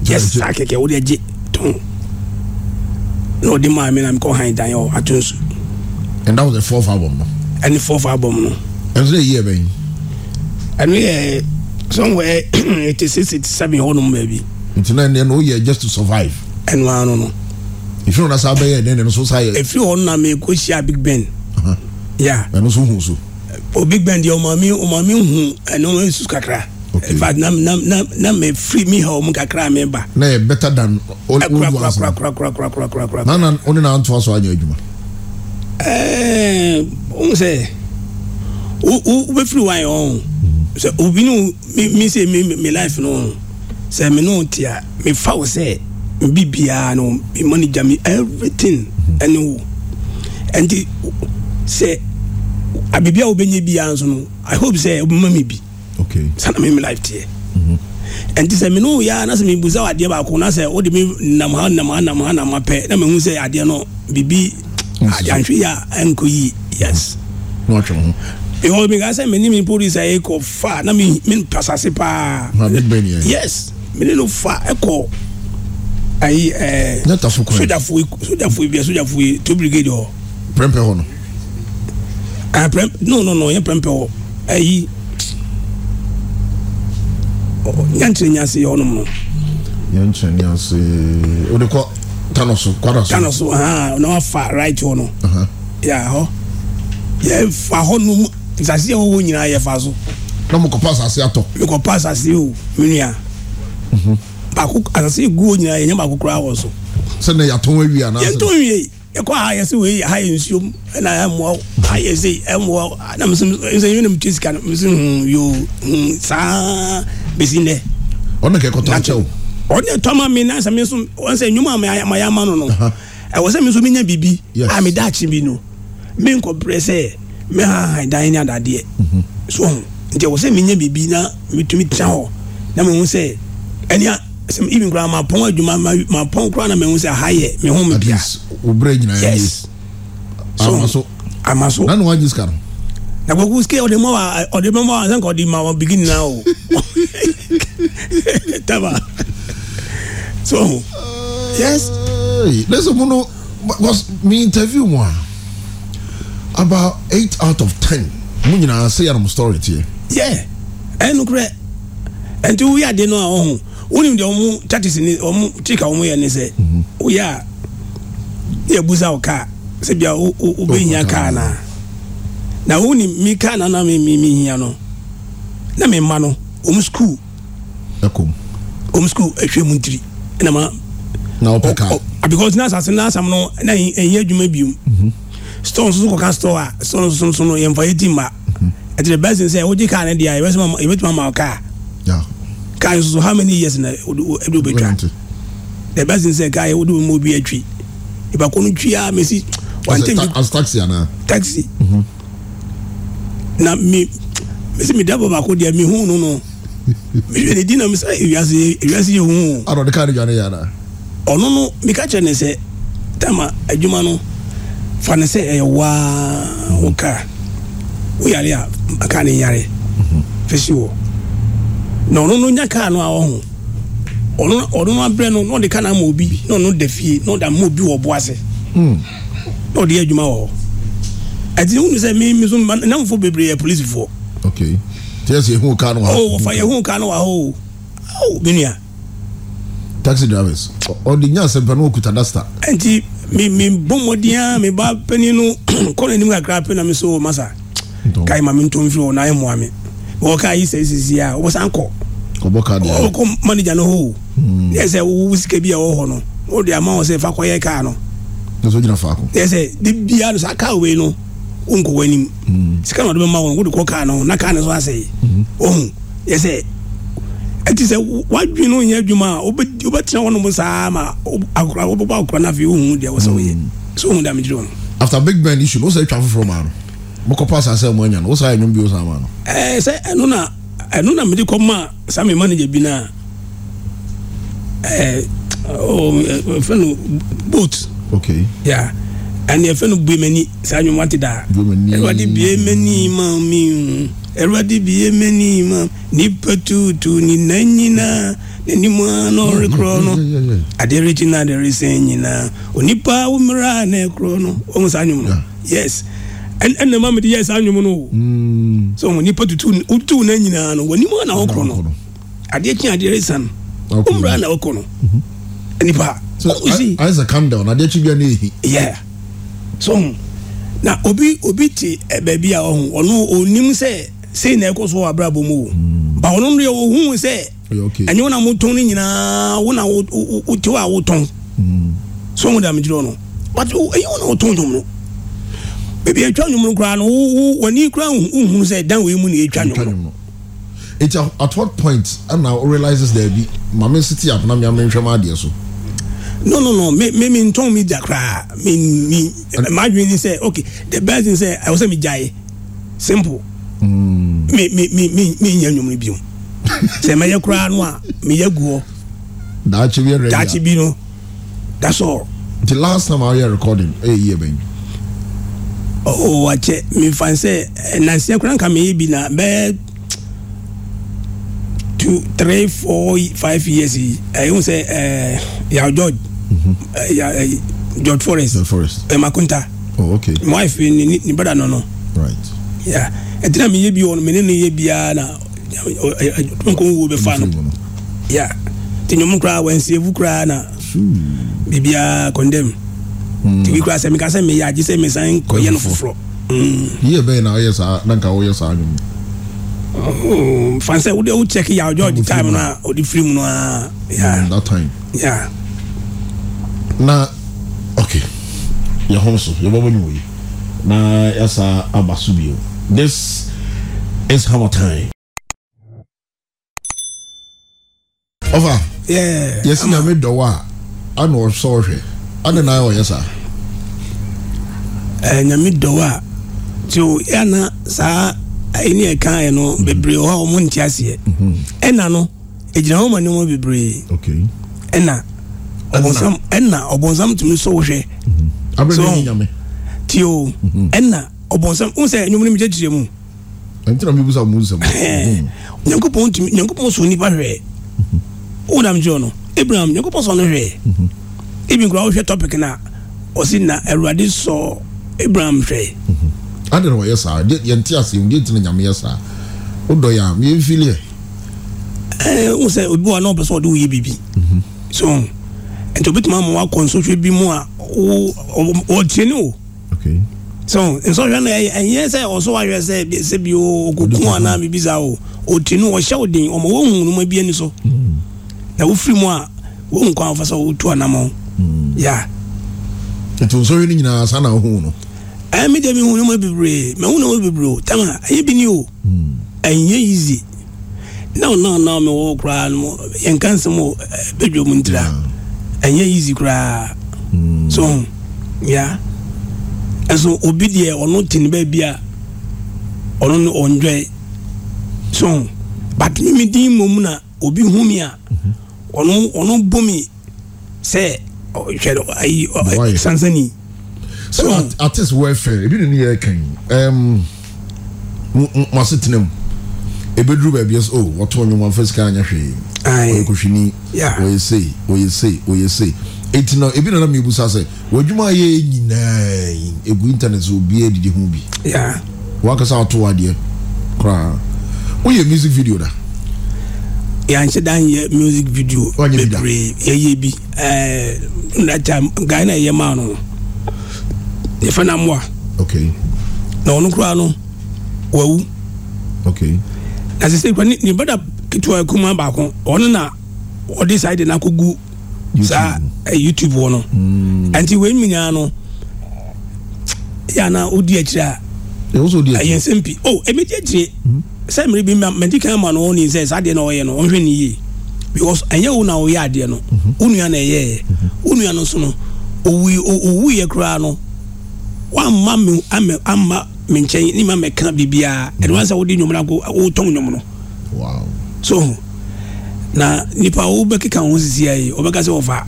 yɛ saa kɛkɛ wodeɛ gye ton na ɔde maa me na mekɔ dan ɔ ato nso and that was the fourth album no ɛne fourth album no ɛno sɛ yɛ bɛn ɛno yɛ somewhere eighty six eighty seven hɔnom baabi nti na ɛnɛ no woyɛ just to survive ɛno ano no ɛfiri hɔ na saa bɛyɛ ɛnɛ no so saa yɛ ɛfiri hɔ no na mekɔhyia big ben uh-huh. ya ɛno so hu so obi gbɛndi ɔmo mi ɔmo mi hu ɛnu ɔmo esu kakra in fact na na na na mɛ firi mi hɛ ɔmo kakra mi ba. na yɛ better than olu wa sa kura kura kura kura kura kura. na na o ni na an tɔ so anyɛ adwuma. ɛɛ eh, n um, sɛ o o bɛ firi wa yɛ ɔn obi ni mi mi se mi mi life no sɛ mi n'o tia mi fa o sɛ mi bi biya no mi manager mi everything ɛni o ɛnti sɛ abibi a wobɛnyɛ biara nso no i hope sɛ wobɛma me bi sana meme life teɛ ɛnti mm-hmm. sɛ mene woyɛa na sɛ mebusa wo adeɛ baako na sɛ wode me nam ha nam ha nam ha nam ha pɛ na mahu sɛ adeɛ no biribi antwe yɛ a ɛnkɔ yie yes because mm-hmm. meka sɛ mene me polisi a ɛkɔ fa na mepasase paa yes mene no fa ɛkɔ ayi sojafoɔ bi a sojafoɔ to brigade hɔ prɛmpɛ hɔ no Uh, prem, no no no yɛ prɛmpɛ wɔ ayi nyankyerɛ nyase yɛ ɔnom no nyankyerɛ nyase wode kɔ tano so kwada so tanoso so aha na wafa right hɔ no yɛ hɔ yɛfa hɔ nom nsase yɛ wɔwɔ nyinaa yɛfa so na mokɔpa asase atɔ mekɔpa asase o menua mhm. baako asase gu hɔ nyinaa yɛnyɛ baako koraa wɔ so sɛnɛ yɛatɔn awie anaasɛ yɛntɔn wie ɛkɔ ha yɛ sɛ wei ha yɛ nsuom ɛna ɛmmoa ha yɛ sɛ ɛmmoa na mesɛ yɛ nam twe sika no mesɛ hu hmm, yo hmm, saa bɛsi nnɛ ɔne kɛ kɔtɔ nkyɛ wo ɔne tɔma me na sɛ me so ɔn sɛ nnwuma a mayɛ ama no no ɛwɔ sɛ me so menya biribi a meda akye bi no menkɔbrɛ sɛ me hahan dan ne adadeɛ mhm. so ho nti ɛwɔ sɛ menya biribi na metumi tena hɔ na mehu sɛ ɛnea sɛ even koraa mapɔn adwuma mapɔn koraa na mehu sɛ aha yɛ me me bia wobrɛ nyinaa yes so na na sika no na kɔkɔ sika ɔde ma ɔde ma wa nka ɔde ma wa bigi nyinaa o taba so yes ne sɛ mu no because me interview mu a about eight out of ten mu nyinaa sɛ yɛ no mu story tiɛ yeah ɛnukurɛ ɛnti wo yɛ ade no a ɔho wonim deɛ ɔmo churches ni ɔmo chika ɔmo yɛ ne sɛ mhm. woyɛ a yɛ busa wo kaa sɛ bia wobɛhia kaa naa na wonim mi kaa na na mehia no na me mma no ɔmo school ɔmo school ahwɛ e mu ntiri ɛna ma na ɔpɛ kaa because na asase na asam no na ɛnyɛ e, e adwuma biom mhm. store nso so kɔka store a store nso so no yɛmfa yɛti mma mhm. ɛti the best n sɛ wogye kaa no deɛ yɛbɛtumi ama wo kaa kaa so how many years na ɛde obɛtwa the best thing say guy yɛ wode wɔn mu obi atwi ìbàkɔ no twi a mesi wantem bi as taxi ana taxi mhm. na mi mesi mi dabɔ baako deɛ mi hu no no mi hwɛ ne di na mi sa ewiase ewiase yɛ hu. ara ɔde kaa ne dwa ne yɛ no mi ka kyerɛ ne sɛ tama adwuma no fa ne sɛ ɛyɛ waa mhm. wo kaa wo yare a kaa ne mhm. fɛsi wɔ na ɔno no nya kaa no a ɔho ɔno ɔno no abrɛ no na ɔde ka na ama obi na ɔno da fie na ɔda ama obi wɔ bo ase hmm. na ɔde yɛ adwuma wɔ hɔ ɛti hunu sɛ mi mi so namfo bebree yɛ polisifoɔ. ok tiɛ sɛ ehun kaa no wa. o wɔfa ehun kaa no wa hɔ o mi nua. taxi drivers ɔde nya asɛmpa na okuta dasta. ɛnti mi mi bɔ mɔdenya mi ba pɛni no kɔnɔ anim kakra pɛ na mi so masa kaa ma mi ntɔn fi wɔ na ayɛ mua mi wɔn kaa yi sɛ sisi a wɔn san kɔ ɔbɔ kaa di a ɔkɔ manager no hoo yɛ sɛ bi a wɔwɔ hɔ no wɔde ama wɔn fa kɔ kaa no ɛsɛ gyina faako yɛ sɛ de bia no saa kaa wei no wɔn nkɔ wɔn anim hmm. sika na wɔde bɛ ma wɔn wɔde kɔ kaa no na kaa hmm. no nso asɛ ɔhun yɛ sɛ ɛti wadwi no nyɛ adwuma a wobɛtena hɔ nom saa ma akora wobɛbɔ akora no afei wohu deɛ wɔ sɛ woyɛ hmm. so wohu da megye wɔn after big man issue no sɛ twa foforɔ maa no mokɔpɔ asase a mo anya no wosaa ɛnwom bi wosaa ma no ɛɛ eh, sɛ ɛno na ɛno na mede kɔma saa me manager bi no a fɛ no boat okay Ya, ɛne ɛfɛ no buemani saa nwom wate daa ɛwurade buemani ma mi ɛwurade buemani ma nipa tuutu ne na nyinaa n'anim a na ɔrekorɔ no adeɛ rekyi na adeɛ resɛn nyinaa onipa awommerɛ a na ɛkorɔ no ɔmu saa nwom no yes yeah ɛna maa mi de yɛ saa nnwom no o mm. so wɔn nipa tutu tutu na nyinaa no wɔn nimu na ɔkɔ no adeɛ kyen adeɛ resa ɔmura na ɔkɔ no nipa ɔkɔ si ayisa calm down adeɛ kyen bia na ehi yeah so mm, na obi obi te eh, baabi a ɔho ɔno onim sɛ sei na ɛkɔ so wɔ abrabɔ mu o mm. ba ɔno no yɛ ohun sɛ ɛnyɛ wɔn na mo tɔn ne nyinaa wɔn na wote wɔ a wotɔn so wɔn dam gyerɛ no wɔn na wotɔn dwom no ebi etwa nwom no koraa no wo wani koraa nhun sɛ dan wei mu na etwa nwom no. It's at what point ɛna o realizes there bi maame si ti apena mi ame nhwɛ mu adeɛ so. no no no me me mi ntɔn mi da koraa mi mi maa dwi ni sɛ okay the best thing sɛ ɛwɔ sɛ mi gya ye simple. Mm. mi mi mi mi mi nya nwom no bi mu sɛ mɛ yɛ koraa no a mi yɛ guɔ. daakye bi yɛ rɛ yia bi no that's all. the last time i hear recording ɛ yie bɛn oh wakyɛ mefa sɛ nanseɛ kora nka meyɛ bi na bɛɛ two three four five years yi ɛyɛ sɛ ɛɛ yaw george mhm. ya george forest george forest ɛ makunta oh okay my wife ni ni ni brother no no right yeah ɛtina meyɛ bi wɔ no mene ne yɛ biara na nkonwo bɛ fa no yeah te nyɔmu koraa wɛnsievu koraa na biribiara condemn. Mm. tibi kura sɛ mika sɛ meyɛ agye sɛ kɔyɛ no foforɔ yie bɛyɛ na ɔyɛ saa na nka wɔyɛ saa nwom fan sɛ wode wo check yɛ ɔgya ɔde time no a ɔde firi mu no that time yeah. na okay yɛhom so yɛbɔbɔ ne wɔyi na yɛsa aba so bio this is hammer time ɔfa yɛsi na medɔwɔ a ana ɔsɛ ɔhwɛ ade na ayɛ ɔyɛ saa ɛɛ nyame dɔw a tí o yà na saa ɛni ɛka yɛ no mhm. bebree wɔ hɔ a wɔn nti aseɛ mhm. ɛna no egyina hɔ ma nneɛma bebree ɛna ɔbɔnsam ɛna ɔbɔnsam tumi so wohwɛ mhm. so tí o ɛna ɔbɔnsam n sɛ ɛnyɔmu ni mi kyerɛkyerɛ mu ɛntina mi busa mu nsɛm nyankopɔn tumi nyankopɔn sɔ nipa hwɛ wɔn nam jɔ no abraham nyankopɔn sɔ no hwɛ even kura wohwɛ topic na ɔsi na awurade sɔ abraham hwɛ. adi na wɔyɛ saa yɛn ti ase yɛn ti na nyame yɛ saa o dɔ yɛ a mi yɛn fili yɛ. ɛɛ n sɛ obi wa n'o bɛ sɔn o de o ye bibi so nti o bi tuma mu wa kɔn bi mu a o o tiɲɛ o so nsɔhwɛ no ɛnyɛ sɛ ɔso wahwɛ sɛ sɛ bi ɔkɔku anaa bibi saa o ɔti no ɔhyɛ wo den ɔma wohu noma bi ani so na wofiri mu a wohu kwan fa sɛ wotu anama wo Mm. ya nti nsɔhwɛ no nyinaa saa na wohu no eh, mi bebree mɛ bebree o a bi ni o mm. na o naa naa mi wɔ koraa no yɛn ka nsɛm eh, o ɛbɛdwa mu ntira ɛnyɛ easy koraa mm. so ya ɛso obi deɛ ɔno te ne baabi a ɔno no so mi mi na obi mi a mm-hmm. ɔno ɔno bomi sɛ. hwɛ ayi sansani. so artist welfare ebi ni yɛ kɛn mo ase tena mu ebeduru baabi ɛsɛ o oh, wɔtɔ ɔnyɔnmɔ afɛ sika anya hwee ɔyɛ kohwini ɔyɛ sei ɔyɛ sei ɔyɛ sei eti na ebi nana mi ebusa sɛ wɔdwuma yɛ nyinaa egu internet so obiara didi ho bi wakasa ato adeɛ koraa woyɛ music video da yànhyɛ dan yɛ music video bebree yɛyɛ bi ɛɛ ndakya ghana yɛ maa no yɛfɛ na mua na ɔno kura no wawu na sese kura ni ne bada ketewa kuma baako ɔno na ɔde saa de n'akɔ gu saa youtube wɔ no hmm. nti wɔn nyinaa no yàrá odi akyire a ɛyɛ nsɛm pii o oh, ebi di akyire. Hmm. sɛ mmiri bi mɛdi kan ma no wɔn ni sɛ saa deɛ na ɔyɛ no ɔhwɛ ni yie because ɛnyɛ wo na ɔyɛ adeɛ no mhm. wonua na ɛyɛ yɛ wonua no so no owu owu yɛ koraa no wamma mi ama ama mi nkyɛn ne ma mɛka biribiara ɛdi wa mhm. sɛ wodi nyɔmuna ko wotɔn nyɔmuno so na nipa wo bɛkeka ho sisi ayi ɔbɛka sɛ ɔfa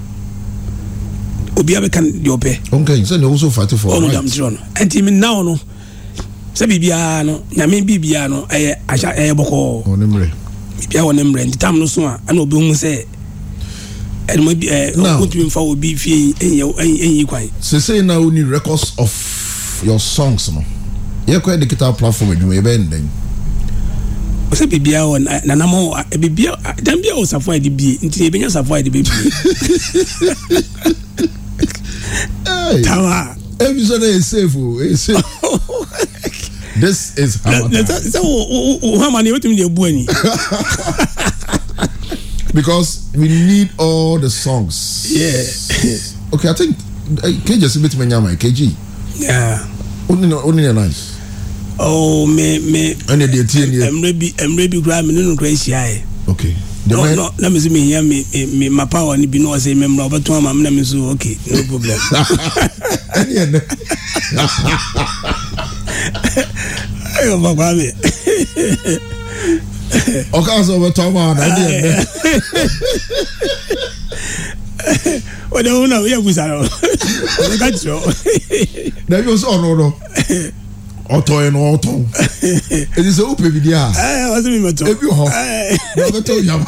obi abɛka deɛ ɔpɛ. ɔnkɛ sani ɔwusu fati fɔ. ɔmu dam tirɔ no ɛnti mi naw no. sɛ biribiara no nyame biribiara no ɛyɛ ahyɛ ɛyɛ bɔkɔɔ biribiara wɔ ne mmerɛ nti tam no so a ɛna obɛhu sɛ ɛnuma bi ɛɛ ɔkuntumi nfa obi fie ɛnyɛ ɛnyi kwan. sese na o ni records of your songs no yɛ kɔ digital platform edwuma yɛ bɛ nden. ɔsɛ biribiara wɔ nanamɔ biribiara dan biara wɔ safo a yɛde bie nti ebi nya safo a yɛde bɛ bie. tawa. ebi sɔ na yɛ safe o yɛ safe. this is hammer time. sẹ wo wo hammer ni wetin because we need all the songs. Yeah. okay i think keji esi bẹtumi KG? Yeah. only only your nice. oh me me. ẹni the ti ẹni. ẹmúre bi ẹmúre bi no mi nínú kura okay. no no Let me si mi hiya me. mi ma power ni bi na ọsẹ mi mura ọbẹ tún àmà mi na mi so okay no problem. ẹni ayo papa mi. ọkà sọ bẹ tọ́ ọmọ àná ẹni ẹ̀mẹ́. o de ohun na o yẹ kusa lọ o de ka jọ. dẹbi o sọ ọ̀nà ọ̀nà ọtọ yẹn na ọtọ èyí sẹ o pèmí di a. ẹ wọ́n sì mi mọ̀ tọ́ ebi họ wọ́n bẹ tọ́ o yàrá.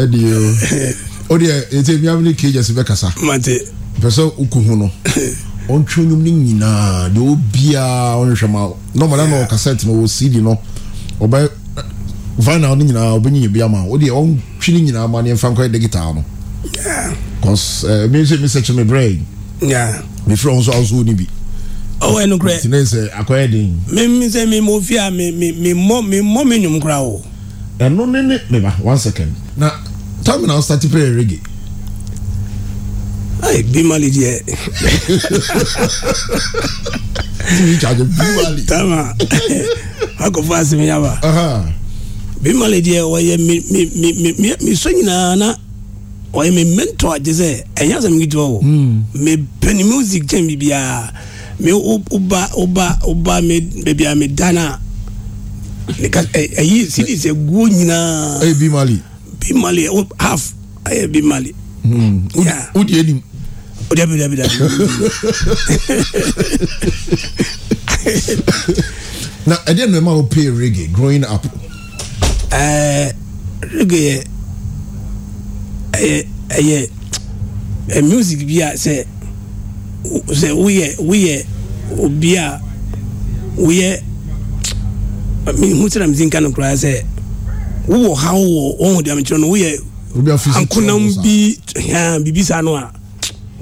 ẹ di o o de ẹ ẹ ti mi amini kejì ẹsẹ bẹ kasa. mate. pẹ̀sẹ̀ okùn hun no. ɔntwe nnwom no nyinaa deɛ obiaa ɔnhwɛ ma nɔmada na ɔkasɛte no wɔsidi no ɔbɛ vinyl no nyinaa ɔbɛnyinya bi ama wodeɛ ɔntwe no nyinaa ma ne ɛmfa nkɔyɛ digital no bcause eh, me nso mi sɛkyɛ me brɛ mefrɛ wo nso awo so wo oh, ne bi ɔwɔ ɛnu kurɛ tene sɛ akɔyɛ den mi sɛ mi mo fi a mi mi mi mɔ mi mɔ mi nyom kura o ɛno ne ne ne ba one second na time na start play reggae ayi bimali diɛ. tibi jago bimali. tama a ko fɔ a sɛmɛya wa. bimali diɛ o ye mi mi mi mi mi mi so ɲinan na o ye mi mɛntɔ a dɛsɛ ɛ n y'a sɛmɛ k'i jɔ o. mɛ bɛnni music jɛn bi biya mɛ o o ba o ba o ba mɛ bɛbi a mɛ danna ayi sidi sɛ guo ɲinan. e bimali. bimali o half a ye bimali. o de ye nin o dabi dabi dabi. na ɛdeɛ na ɛma wo pay reggae growing up. reggae yɛ ɛyɛ ɛyɛ music bi a sɛ sɛ woyɛ woyɛ obi a woyɛ mihu sɛ na mi ti nka no koraa sɛ wowɔ ha wowɔ wɔn ho deɛ no woyɛ ankonam bi bibi saa a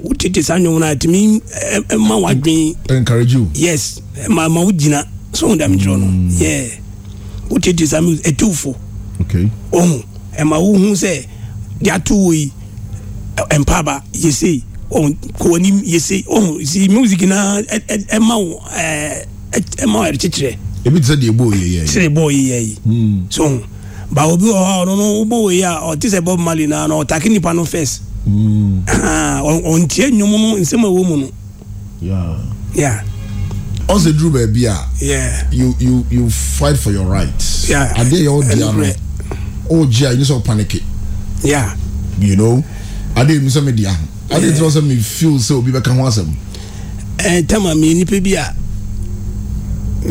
wotete saa nnwom no a ɛtumi ɛma eh, eh, wadwen encourage you yes eh, ma ma wo gyina so wo dam kyerɛ no mm. yeah wotete saa mu etiwfo okay ohun ma wo hu sɛ de ato wo yi mpaaba yese ohun kowani yese ohun si music na ɛma wo ɛɛ ɛma wo ɛrekyekyerɛ ebi ti sɛ deɛ bɔɔ yɛ yɛ yi sɛ bɔɔ yɛ yɛ yi mm. so ba obi wɔ hɔ a ɔno no bɔɔ yɛ a ɔte sɛ bob marley na ɔtake nipa no first. Mm na ɔntie nnwom no nsɛm a ɛwɔ mu no yeah ɔsɛ duru baabi a yeah you you you fight for your rights yeah adeɛ yɛ ɔdi ano ɔgye a yɛ sɛ ɔpaniki yeah you know adeɛ mi sɛ mi di aho adeɛ ti sɛ mi feel sɛ obi bɛka ho asɛm. ɛɛ eh, tɛma mi nipa bi a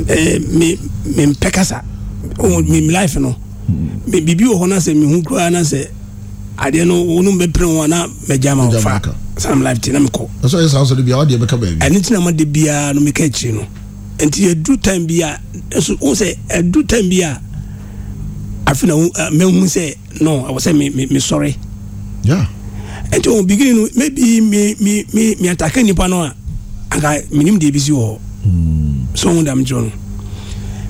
ɛɛ mi mi mpɛ kasa mi life no mi hmm. bibi wɔ hɔ na sɛ mi hu kura na sɛ adeɛ no wɔnum bɛpere ho ana mɛgya ma ɔfa sanam live ti na mekɔ ɛsɛ yɛ saa sɔde bia wɔde bɛka baabi ɛne ti na ma de biara no meka akyiri no nti ɛdu time bi a ɛso wo sɛ ɛdu time bi a afe na mahu sɛ no ɛwɔ sɛ mesɔre nti wɔn bigini no maybe me me me me atake nipa no a anka menim deɛ bi si wɔ hɔ hmm. so wɔn dam gyerɛ no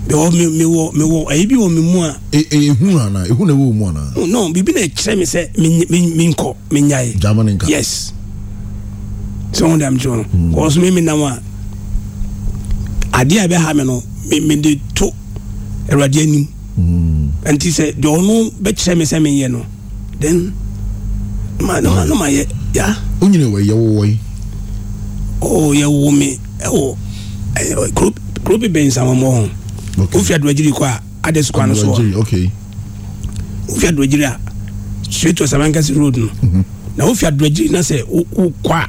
bɛwɔ mewɔ mewɔ ɛyɛ bi wɔ me mu a. E, e, ehun ana ehun na ewu mu ana. no bibi na ekyerɛ mi sɛ mi nkɔ mi nya ye. jamani nka yes sɛwọn de am tiwọn kɔɔso hmm. mi mi nam a adeɛ a bɛ ha mi no mi mi de to awurade anim hmm. nti sɛ deɛ ɔno bɛ kyerɛ mi sɛ mi yɛ no then ma no ma no ma yɛ ya. o nyina wɔ yɛ wɔwɔ yi. o oh, yɛ wɔ mi ɛwɔ ɛɛ kuro bi bɛ nsamamɔ hɔn wofi aduagyiri kɔ a ade so kwan no so wɔ wofi aduagyiri a straight to sabankasi road no na wofi aduagyiri na sɛ wokɔ a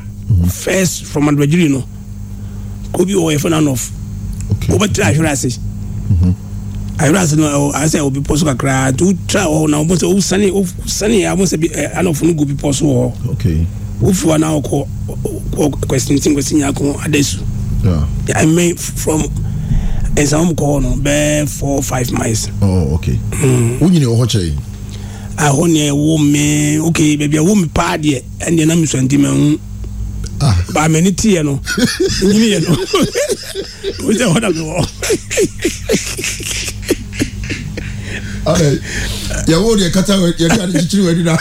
first from aduagyiri no kɔ bi wɔ yɛ fɛn anof wobɛtena ahwerɛ ase ahwerɛ ase no asɛ wɔ bepɔ so kakraa nti wotra hɔ na wɔbɔ sɛ wosane wosane a wɔn sɛ bi anof no gu bepɔ so wɔ hɔ wofi hɔ na wɔkɔ kwɛsintin kwɛsinyako adesu ɛmɛ from nsɛm kɔ no bɛɛ four five miles. ɔɔ ok wonyini wɔ hɔ kyerɛ yi. ahɔ neɛ ɛwɔ me ok baabi ɛwɔ me paa deɛ ɛneɛ na mesɔnti ma hu baamani teɛ no nyiniɛ no wo sɛ hɔ na mewɔ yàwó de kata yàda de kyikyiri wani na.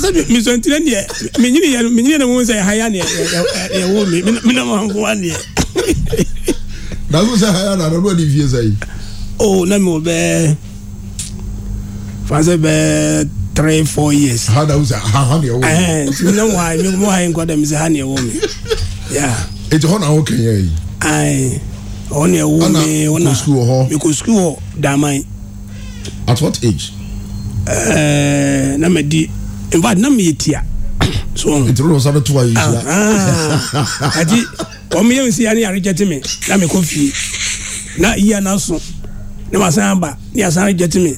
sẹbi misọntina ni yẹ minyini yẹ minyini yẹ na mo n sẹ ẹ haya ni yẹ yẹ wo mi mi na ma n fọ wa ni dàbí sẹ haya nana ní ọdún fiyè sẹyìn. o ne mi bẹ fase bẹ three four years. ha dàbí sẹ ha ha ni ẹ wọ mi. ẹhẹn tí ne wọ ayi mi mo ayi nkọ dẹ mi sẹ ha ni ẹ wọ mi. ètò hàn náà ó kẹyìn ẹ yìí. ayi ọ ẹ wọ mi ọ mi kò sukuu wọ dàmà yìí. at what age. ɛɛ uh, na mɛ di in fact na mɛ yɛ tia. so ntoro sanu tuwa yi. ɛti wɔn yɛn si yanni yare gyɛte mi na mi kɔ na yiya na so na ma san ba na yasan gyɛte mi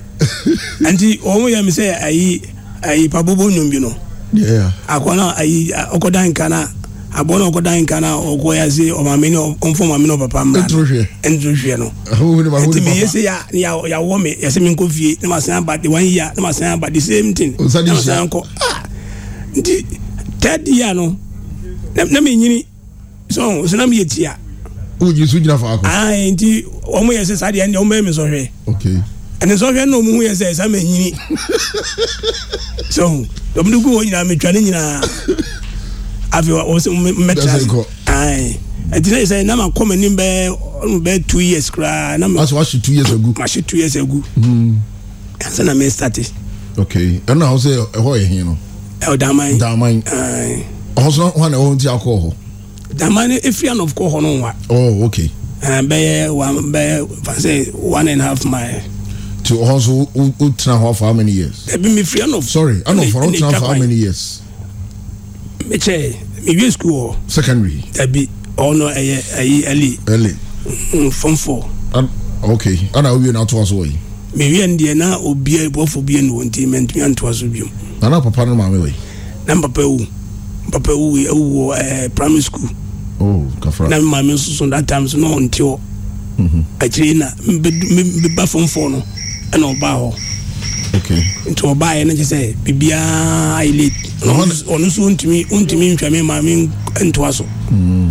nti wɔn yɛn mi sɛ ayi ayi pabobo nom bi no akɔna ayi ɔkɔda nkana abɔna ɔkɔda nkana ɔkɔ yase ɔmaami na ɔnfɔ maami na ɔpapa mma ɛntoro hwɛ no nti mi yɛsɛ ya yawɔ mi yɛsɛ mi nkɔ fie na ma san ba de wɔn yiya na ma san ba the same thing na ma san kɔ ah nti third year no na mi nyini so sinam yɛ tia. o yi so gyina faako. aa ah, nti wɔn yɛ sɛ saa deɛ ɛn deɛ wɔn bɛ mi sɔhwɛ. okay. ɛni sɔhwɛ na ɔmu hu yɛ sɛ ɛsɛ mɛ nyini so dɔm de gu hɔ nyinaa mɛ twa ne nyinaa afei wɔ sɛ mɛ tra aa ɛti sɛ sɛ na ma kɔ mɛ nim bɛ ɔmu bɛ two years koraa na ma. aso wasi two years ago ma si two years agu. ɛsɛ hmm. na mɛ start. okay ɛna awo sɛ ɛhɔ yɛ hin no. o daaman. daaman. ɔhɔ so na wɔn na ɛwɔ ti akɔ hɔ dama no ɛfiri anɔfokɔ hɔ no nwa oh, okay. Eh, bɛyɛ bɛyɛ fansɛ one and a half mile nti ɔhɔ nso wotena hɔ for how many years ɛbi mefiri anɔf sorry anɔf hɔ wotena for how many years mekyɛ mewie school hɔ secondary dabi ɔno ɛyɛ ɛyi ɛli ɛli mm, form four okay ɛna wowie no atoa so wɔ yi mewie no deɛ na obia bɔfo bia no wɔ nti mantumi antoa so biom nana papa no maame wɔ yi na mpapa wu papa wu awuwɔ ɛɛ eh, primary school Oh, na maame nsoso that time so na ɔnte hɔ mm-hmm. akyire yi na mbɛba fɔmfɔm no ɛna ɔbaa hɔ nti ɔbaa yɛ no kyɛ sɛ biribiaa ayɛ late ɔno nso ntumi ntumi nhwɛ me maame ntoa so mm.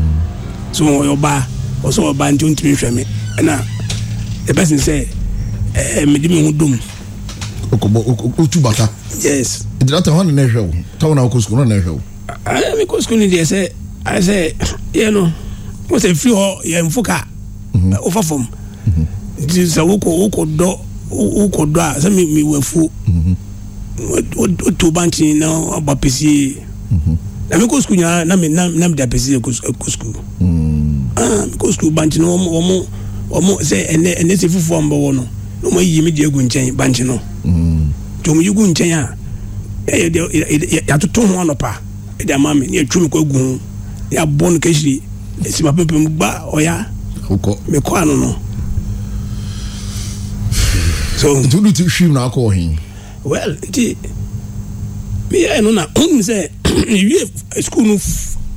so ɔyɛ ɔbaa ɔsɛ ɔbaa nti ntumi nhwɛ me ɛna ɛbɛ sen sɛ ɛɛ eh, eh, mede me ho dom okobɔ otu bata yes ɛdi na ta hɔ na na ɛhwɛ wo ta hɔ na ɔkɔ sukuu na na ɛhwɛ wo ɛɛ mi kɔ sukuu ni deɛ sɛ ayɛ sɛ yɛ no wo sɛ firi hɔ yɛmfo ka wofa fam nti sɛ wokɔ wokɔdɔ wokɔdɔ a sɛ mewɔ afuo woto bankye na aba pesie na mekɔ sukuu nyinaa na nam da pesie kɔ sukuu mekɔ sukuu bankye no wɔmo wɔmo sɛ ɛnɛ ɛnɛ sɛ fufuo a mbɛwɔ no na wɔn ayi mi de egu nkyɛn bankye no nti wɔn yi gu nkyɛn a ɛyɛ deɛ yɛatoto ho anɔpa ɛde ama mi ne yɛtwi mi kɔ egu ho yabɔ no kahyire sima pɛpɛm gba ɔya mekɔ ano no so nti ti hwim na akɔ ɔhe well nti meyɛ no na wonim sɛ mewie school no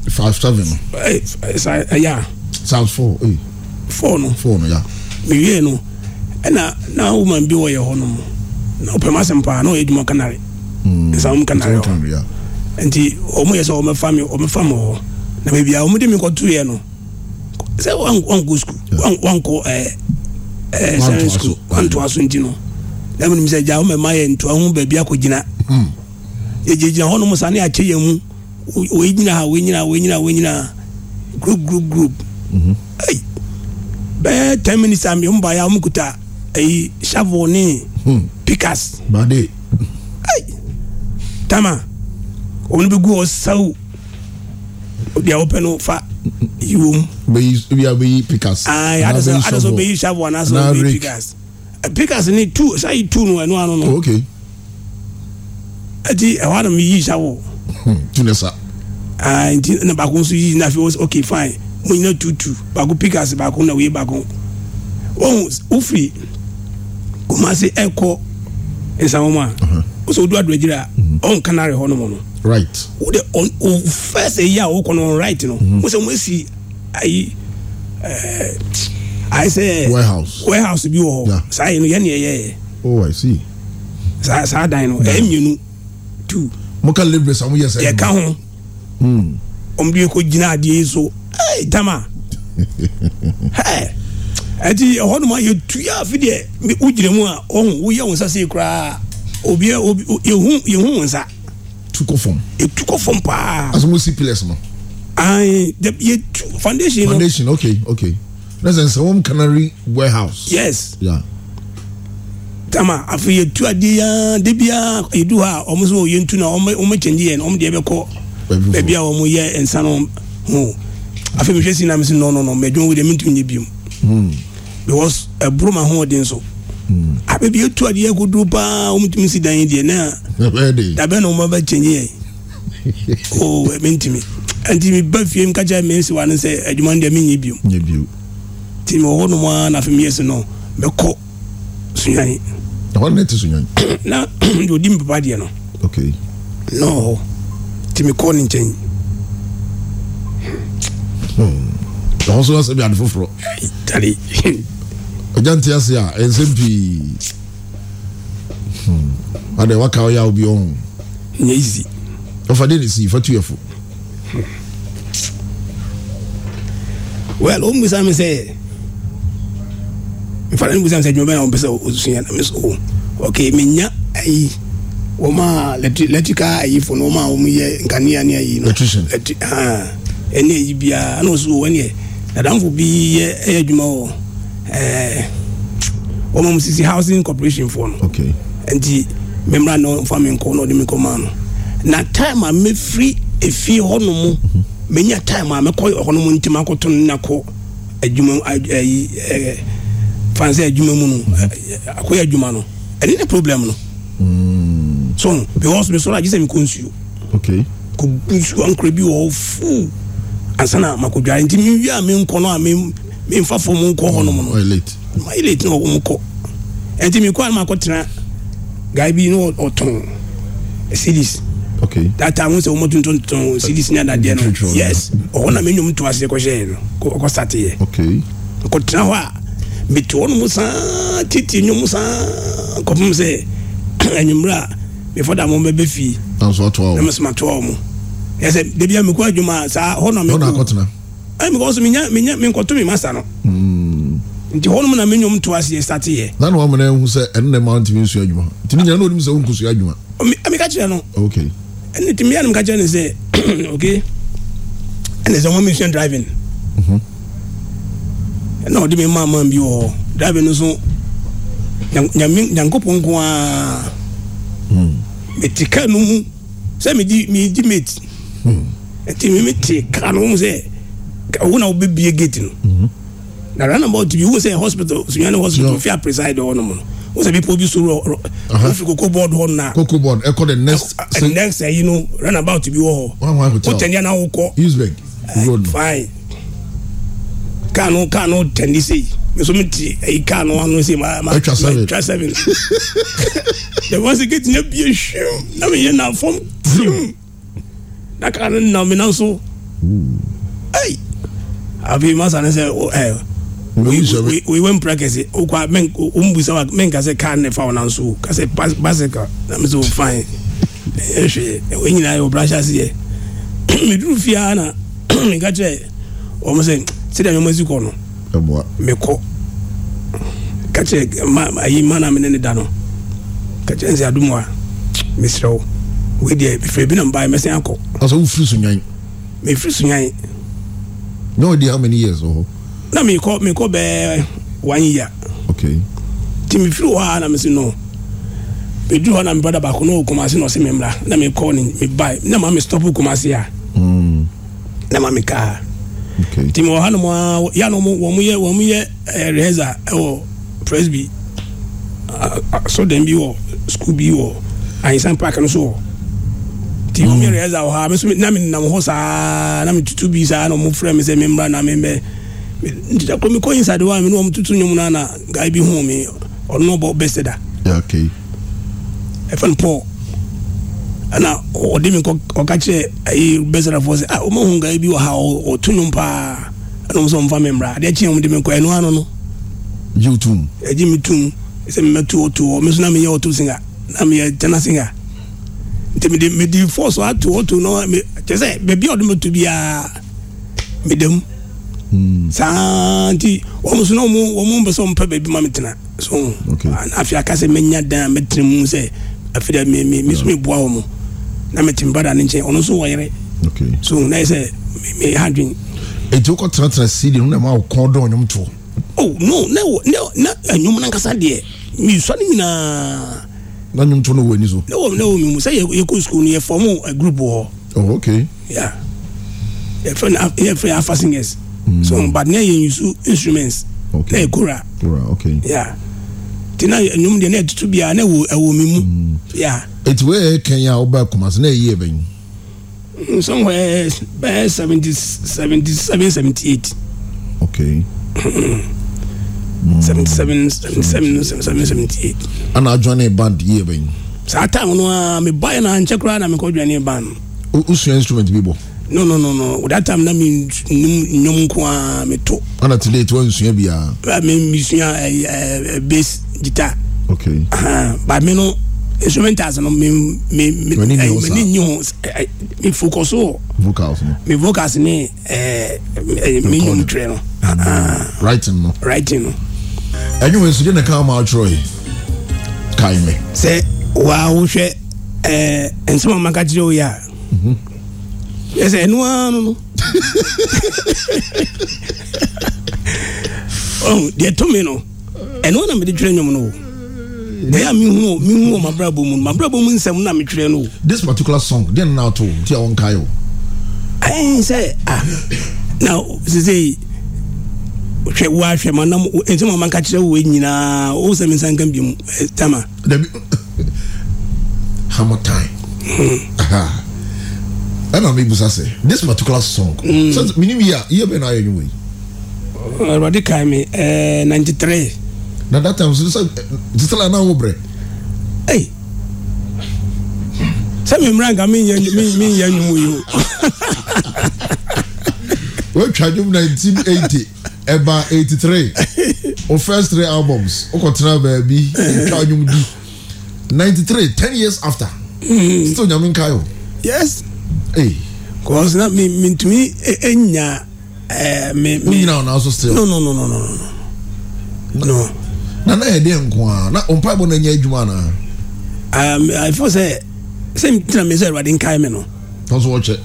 five seven ɛyɛ eh, sounds four eh. four no four no ya mewie no ɛna na woman bi wɔyɛ hɔ nom na ɔpɛm asɛm paa na ɔyɛ adwuma kanare hmm. nsawom kanare hɔ nti ɔmo yɛ sɛ ɔmɛfa me ɔmɛfa me hɔ na baabi a wɔn de mi kɔto yɛ no sɛ wankɔ sukuu wankɔ ɛɛ ɛɛ sɛn sukuu wantoa so nti no ɛmu ni mi sɛ gya wɔn mɛma yɛ ntoa ho baabi akɔgyina egyinagyina hmm. hɔ nom sani akyɛ yɛn mu wɔyi gyina ha wɔyi gyina ha wɔyi gyina ha wɔyi gyina ha group group group ɛyi mm-hmm. bɛɛ ten minutes a mi ba ya wɔn kuta ɛyi shovel ne hmm. pikas ɛyi tama wɔn bɛ gu hɔ sawu deɛ wopɛ no fa yi wɔm. bɛyi obi a bɛyi pikas. Eh, ayi adaso adaso bɛyi shovel anaso bɛyi pikas pikas ni tu sayi tu no ɛnu ano no. Oh, ok. eti ɛwɔ anam yi shovel. tu ne sa. ayi nti na baako nso yi nafe wɔ ok fine mo nyina tutu baako pikas baako na oye baako ohun ofiri kumasi ɛkɔ nsamoma. Uh -huh. o sɔ o kanare hɔ nom no right wo de on o first eyi a o kɔ right no mm-hmm. mo sɛ mo esi ayi eh, ɛɛ ayi sɛ warehouse warehouse bi wɔ hɔ saa yi no yɛn ɛyɛ yɛ oh i see saa saa dan no ɛyɛ mmienu two mo ka labour sa mo yɛ sɛ yɛ ka ho ɔmo de ko gyina adeɛ yi so ɛɛ dama ɛɛ ɛti ɛhɔ nom ayɛ tuya afi mi o gyina mu a ɔho woyɛ wɔn nsa se koraa obi ehu ehu wɔn etu kɔ fam. etu kɔ fam paa. asomo si pillars no. ayi yɛ tu foundation. foundation no. okay okay nɛsɛn sɛ wɔn canary warehouse. yes. Yeah. tama afei yɛ tu adeɛ yaa debi yaa edu ha ɔmo sɛ ɔyɛ ntu na ɔmo ɔmo kyɛnji yɛn ɔmo deɛ bɛ kɔ baabi a ɔmo yɛ nsa no ho afei mi hwɛ si na mi si nɔɔnɔ nɔ mɛ dwom wo de mi ntumi nye bi mu. Hmm. because ɛburo eh, ma ho ɔden so abɛbi etu adeɛ kodoro paa wɔn tumi si dan yi deɛ na dabɛ na wɔn bɛ kyɛnyɛ oo ɛmi ntumi nti mi ba fie mu kakyɛ mi nsi wa ne sɛ adwuma deɛ mi nye bio ti mi wɔ hɔ nom a na afei mi yɛ si no mɛ kɔ sunyan. ɛhɔ ne ti sunyan. na odi mi papa deɛ no. okay. na ɔhɔ ti mi kɔ ne nkyɛn. ɔhɔ hmm. so wa sɛ bi ade foforɔ. tali. agya nte ase a nsɛm pii hmm. ada waka ɔyɛ a obi ɔho ɔfa de ne si fa tu well ɔmu sa mi sɛ mfana ne mu sa mi sɛ dwuma bɛn na ɔmpɛ sɛ ɔsusua na mi so ok menya ayi wɔn a electrical ayi fo na wɔn ah, a wɔn yɛ nkanea ne ayi no ɛne ayi biara ɛna ɔsi wɔ wɔn bi yɛ ɛyɛ adwuma wɔ wɔn a wɔn sisi housing corporation foɔ no nti mmemmira na ɔfa mi nkɔ na ɔde mi kɔ maa no na time a mefiri efie hɔnom menya time a mekɔ hɔnom ntoma akɔto no na kɔ adwuma ayi ɛɛ fansɛ adwuma mu no akɔyɛ adwuma no ɛne ne problem no hmm. so because mi sɔrɔ agye sɛ mi kɔ nsuo kɔ nsuo ankora bi wɔ hɔ fuu asana makodwa nti mi wi a mi nkɔ no a mi mmefa fam nkɔ hɔnom no mayɛ oh, late na ɔwɔ mkɔ ɛnti mekɔ a no makɔtena guy bi na ɔtɔn series okay that time sɛ wɔn tuntun tuntun series ni adadeɛ no yes ɔwɔ na mi nyɔm to ase kɔhyɛ yɛ no kɔkɔ sati yɛ okay nkɔtena hɔ a bitu hɔ nom saa titi nyɔm saa kɔpem sɛ enyimra before that moment bɛ fi. na nso ato awo na mɛ sɛ ma to awo mo debi a mi kɔ adwuma saa hɔ mi kɔ ɛyɛ eh, because menya menya menkɔto me masa no hmm. nti hɔnom na menwom to aseɛ starte yɛ na na wamana ahu sɛ ɛno na ma ntimi nsua adwuma ntimi nyina na onim sɛ wonku sua adwuma eh, meka kyerɛ no okay ɛne timi anom ka kyerɛ ne sɛ okay ɛne sɛ ɔma mesua driving ɛna mhm. ɔde me maa maa bi wɔ driving no so nyankopɔn nko aa hmm. mete ka no mu sɛ medi medi mate hmm. nti memete ka no mu sɛ wo na wobɛbie gate mm-hmm. no na rana bɔ tibi wo sɛ hospital sunyani hospital fi a preside hɔ nom no wo sɛ bipɔ bi soro ɔrɔ wofi koko board hɔ na koko board ɛkɔ the next ɛkɔ next ɛyi no rana bɔ tibi wɔ hɔ wo tɛndiya na wo kɔ Uzbek road fine kaa no kaa no tɛndi seyi nso mi ti ɛyi uh, kaa no ano se ma ma atwa seven atwa seven yabɔ se gate nya bie hwɛm na mi yɛ na fɔm tiim na kaa no nam mi na nso ɛyi. abi masa ne sɛ ɛ wiwe mpira kɛse okwa bu nbusa wa ka se kaa ne fa ɔna nso se basika na mɛ sɛ o fain ehwɛ o nyinaa yɛ o brasha ye me duru fia na mɛ ka kyerɛ wɔn sɛ sɛdeɛ nyɔma si kɔ no e mɛ kɔ ka kyerɛ ma ayi ma na mɛ ne ne da no ka kyerɛ nsɛ adumu a mɛ srɛ o wei deɛ fɛ bi na mba yɛ mɛ sɛn akɔ. asɔ wofiri sunyan. mɛ firi sunyan. no idea how many years or oh. na me call me call bɛɛ one year okay ti mi firi hɔ a na mi si no mi duru hɔ na mi brada baako n'o kumasi na ɔsi mi mra na me call ni mi ba na maa me stop kumasi a hmm. na maa mi kaa ti mi wɔ hanom a yanni wɔn wɔn yɛ wɔn yɛ reza ɛwɔ eh, presby asɔden ah, ah, bi wɔ school bi wɔ ayisan park no wɔ. nti mm. omienu ɛza mɛ nam hɔ saa tutu bi saa na ɔmo fura mi sɛ mi na mi nti mi wa mi na ɔmo tutu nyɔmu na na hu mi ɔno bɔ bɛsɛ da ɛna ɔde mi kyerɛ ayi bɛsɛ da fɔ sɛ ɔmo hu wɔ ha ɔtu paa ɛna ɔmo ɔmo fa mi adeɛ de mi kɔ ɛnu ano no. tum. ɛgye mi tum ɛsɛ mi mɛ tu na mi yɛ singa na mi yɛ singa. nti mede mede force ato ɔto no kyɛ sɛ baabi a ɔde mato biaa meda mu hmm. saa nti wɔn so na wɔn wɔn mpɛ sɛ wɔmpɛ baabi ma metena so afei aka sɛ mɛnya dan mɛtena mu sɛ afei da mi mi mi so mi boa wɔn na mɛ tɛmɛ bada ne nkyɛn ɔno so wɔ yɛrɛ so na yɛ sɛ mɛ ha dwen. eti o kɔ tenatena sidi ho na ma o kɔn dɔn ɔnyom to. o oh, no ne wo ne na ɛnyom nankasa deɛ mi nyinaa na nnwom to no wɔ ani so na wɔm na wɔmi mu sɛ yɛkɔ sukuu no yɛfɔm a group wɔ oh, okay yeah yɛfrɛ no yɛfrɛ yɛ afa singers mm. so but na yɛ use instruments okay. na yɛ kora kora okay yeah ti na nnwom deɛ na ɛtutu bia na ɛwɔ ɛwɔ eh, mi mu mm. yeah eti wɛɛ kɛn a ne kumasi na ɛyɛ bɛn mm, somewhere eh, bɛɛ seventy seventy seven seventy eight okay. Mm-hmm. 77 77 77 78. ana adwane band yie bɛn. saa time no aa mi ba yɛ na nkyɛn koraa na mi kɔ dwane band. o o sua instrument bi bɔ. no no no no that time na me, nnum nnum nko aa mi to. ana ti late wɔn nsua me, aa. mi mi sua ɛɛ eh, ɛɛ eh, eh, bass me, okay. ba mi no instrument as no me, me, me, me, ni nyi ho me, focus o. vocals no. me, vocals ni ɛɛ me, nyom tirɛ no. Mm-hmm. writing no. writing no ɛnyɛ wɔn nsu de ne kan ma atwerɛ yi kae me. sɛ wa wohwɛ ɛɛ nsɛm a maka kyerɛ o yi a ɛsɛ ɛnu ara no no ɔn deɛ tumi no ɛnu na mi de twerɛ nyɔm no o bẹẹ mi hu o mi hu o mabrabo mu mabrabo mu nsẹm na mi twerɛ no. this particular song den na to ti a wọn ka yi o. ayi n ah na sise yi hwɛ wo ahwɛ ma na nti ma manka kyerɛ wo nyinaa wo sɛ me nsa bi mu eh, tama dabi hamotan ɛna mebusa sɛ this particular song menim hmm. yi a yɛ bɛ na ayɛ nwuma yi awurade kae me 93 eh, na that time so te sɛ la na wo berɛ ei sɛ memmra nka menyɛ nwumu yi o wɔatwa dwom 1980 ɛba eighty three o first three albums o kò tẹ̀lé baabi ntwa ọdún di ninety three ten years after mm. still nyame nka yọ. yes hey. cause na mi mi ntumi enya e, ɛɛ eh, mi mi. o nyina o na still. no no no no no no. no. na na yɛ den nko a na o mpa bɔ na nya adwuma na. Um, I feel say same thing I said, but didn't come in. That's what you.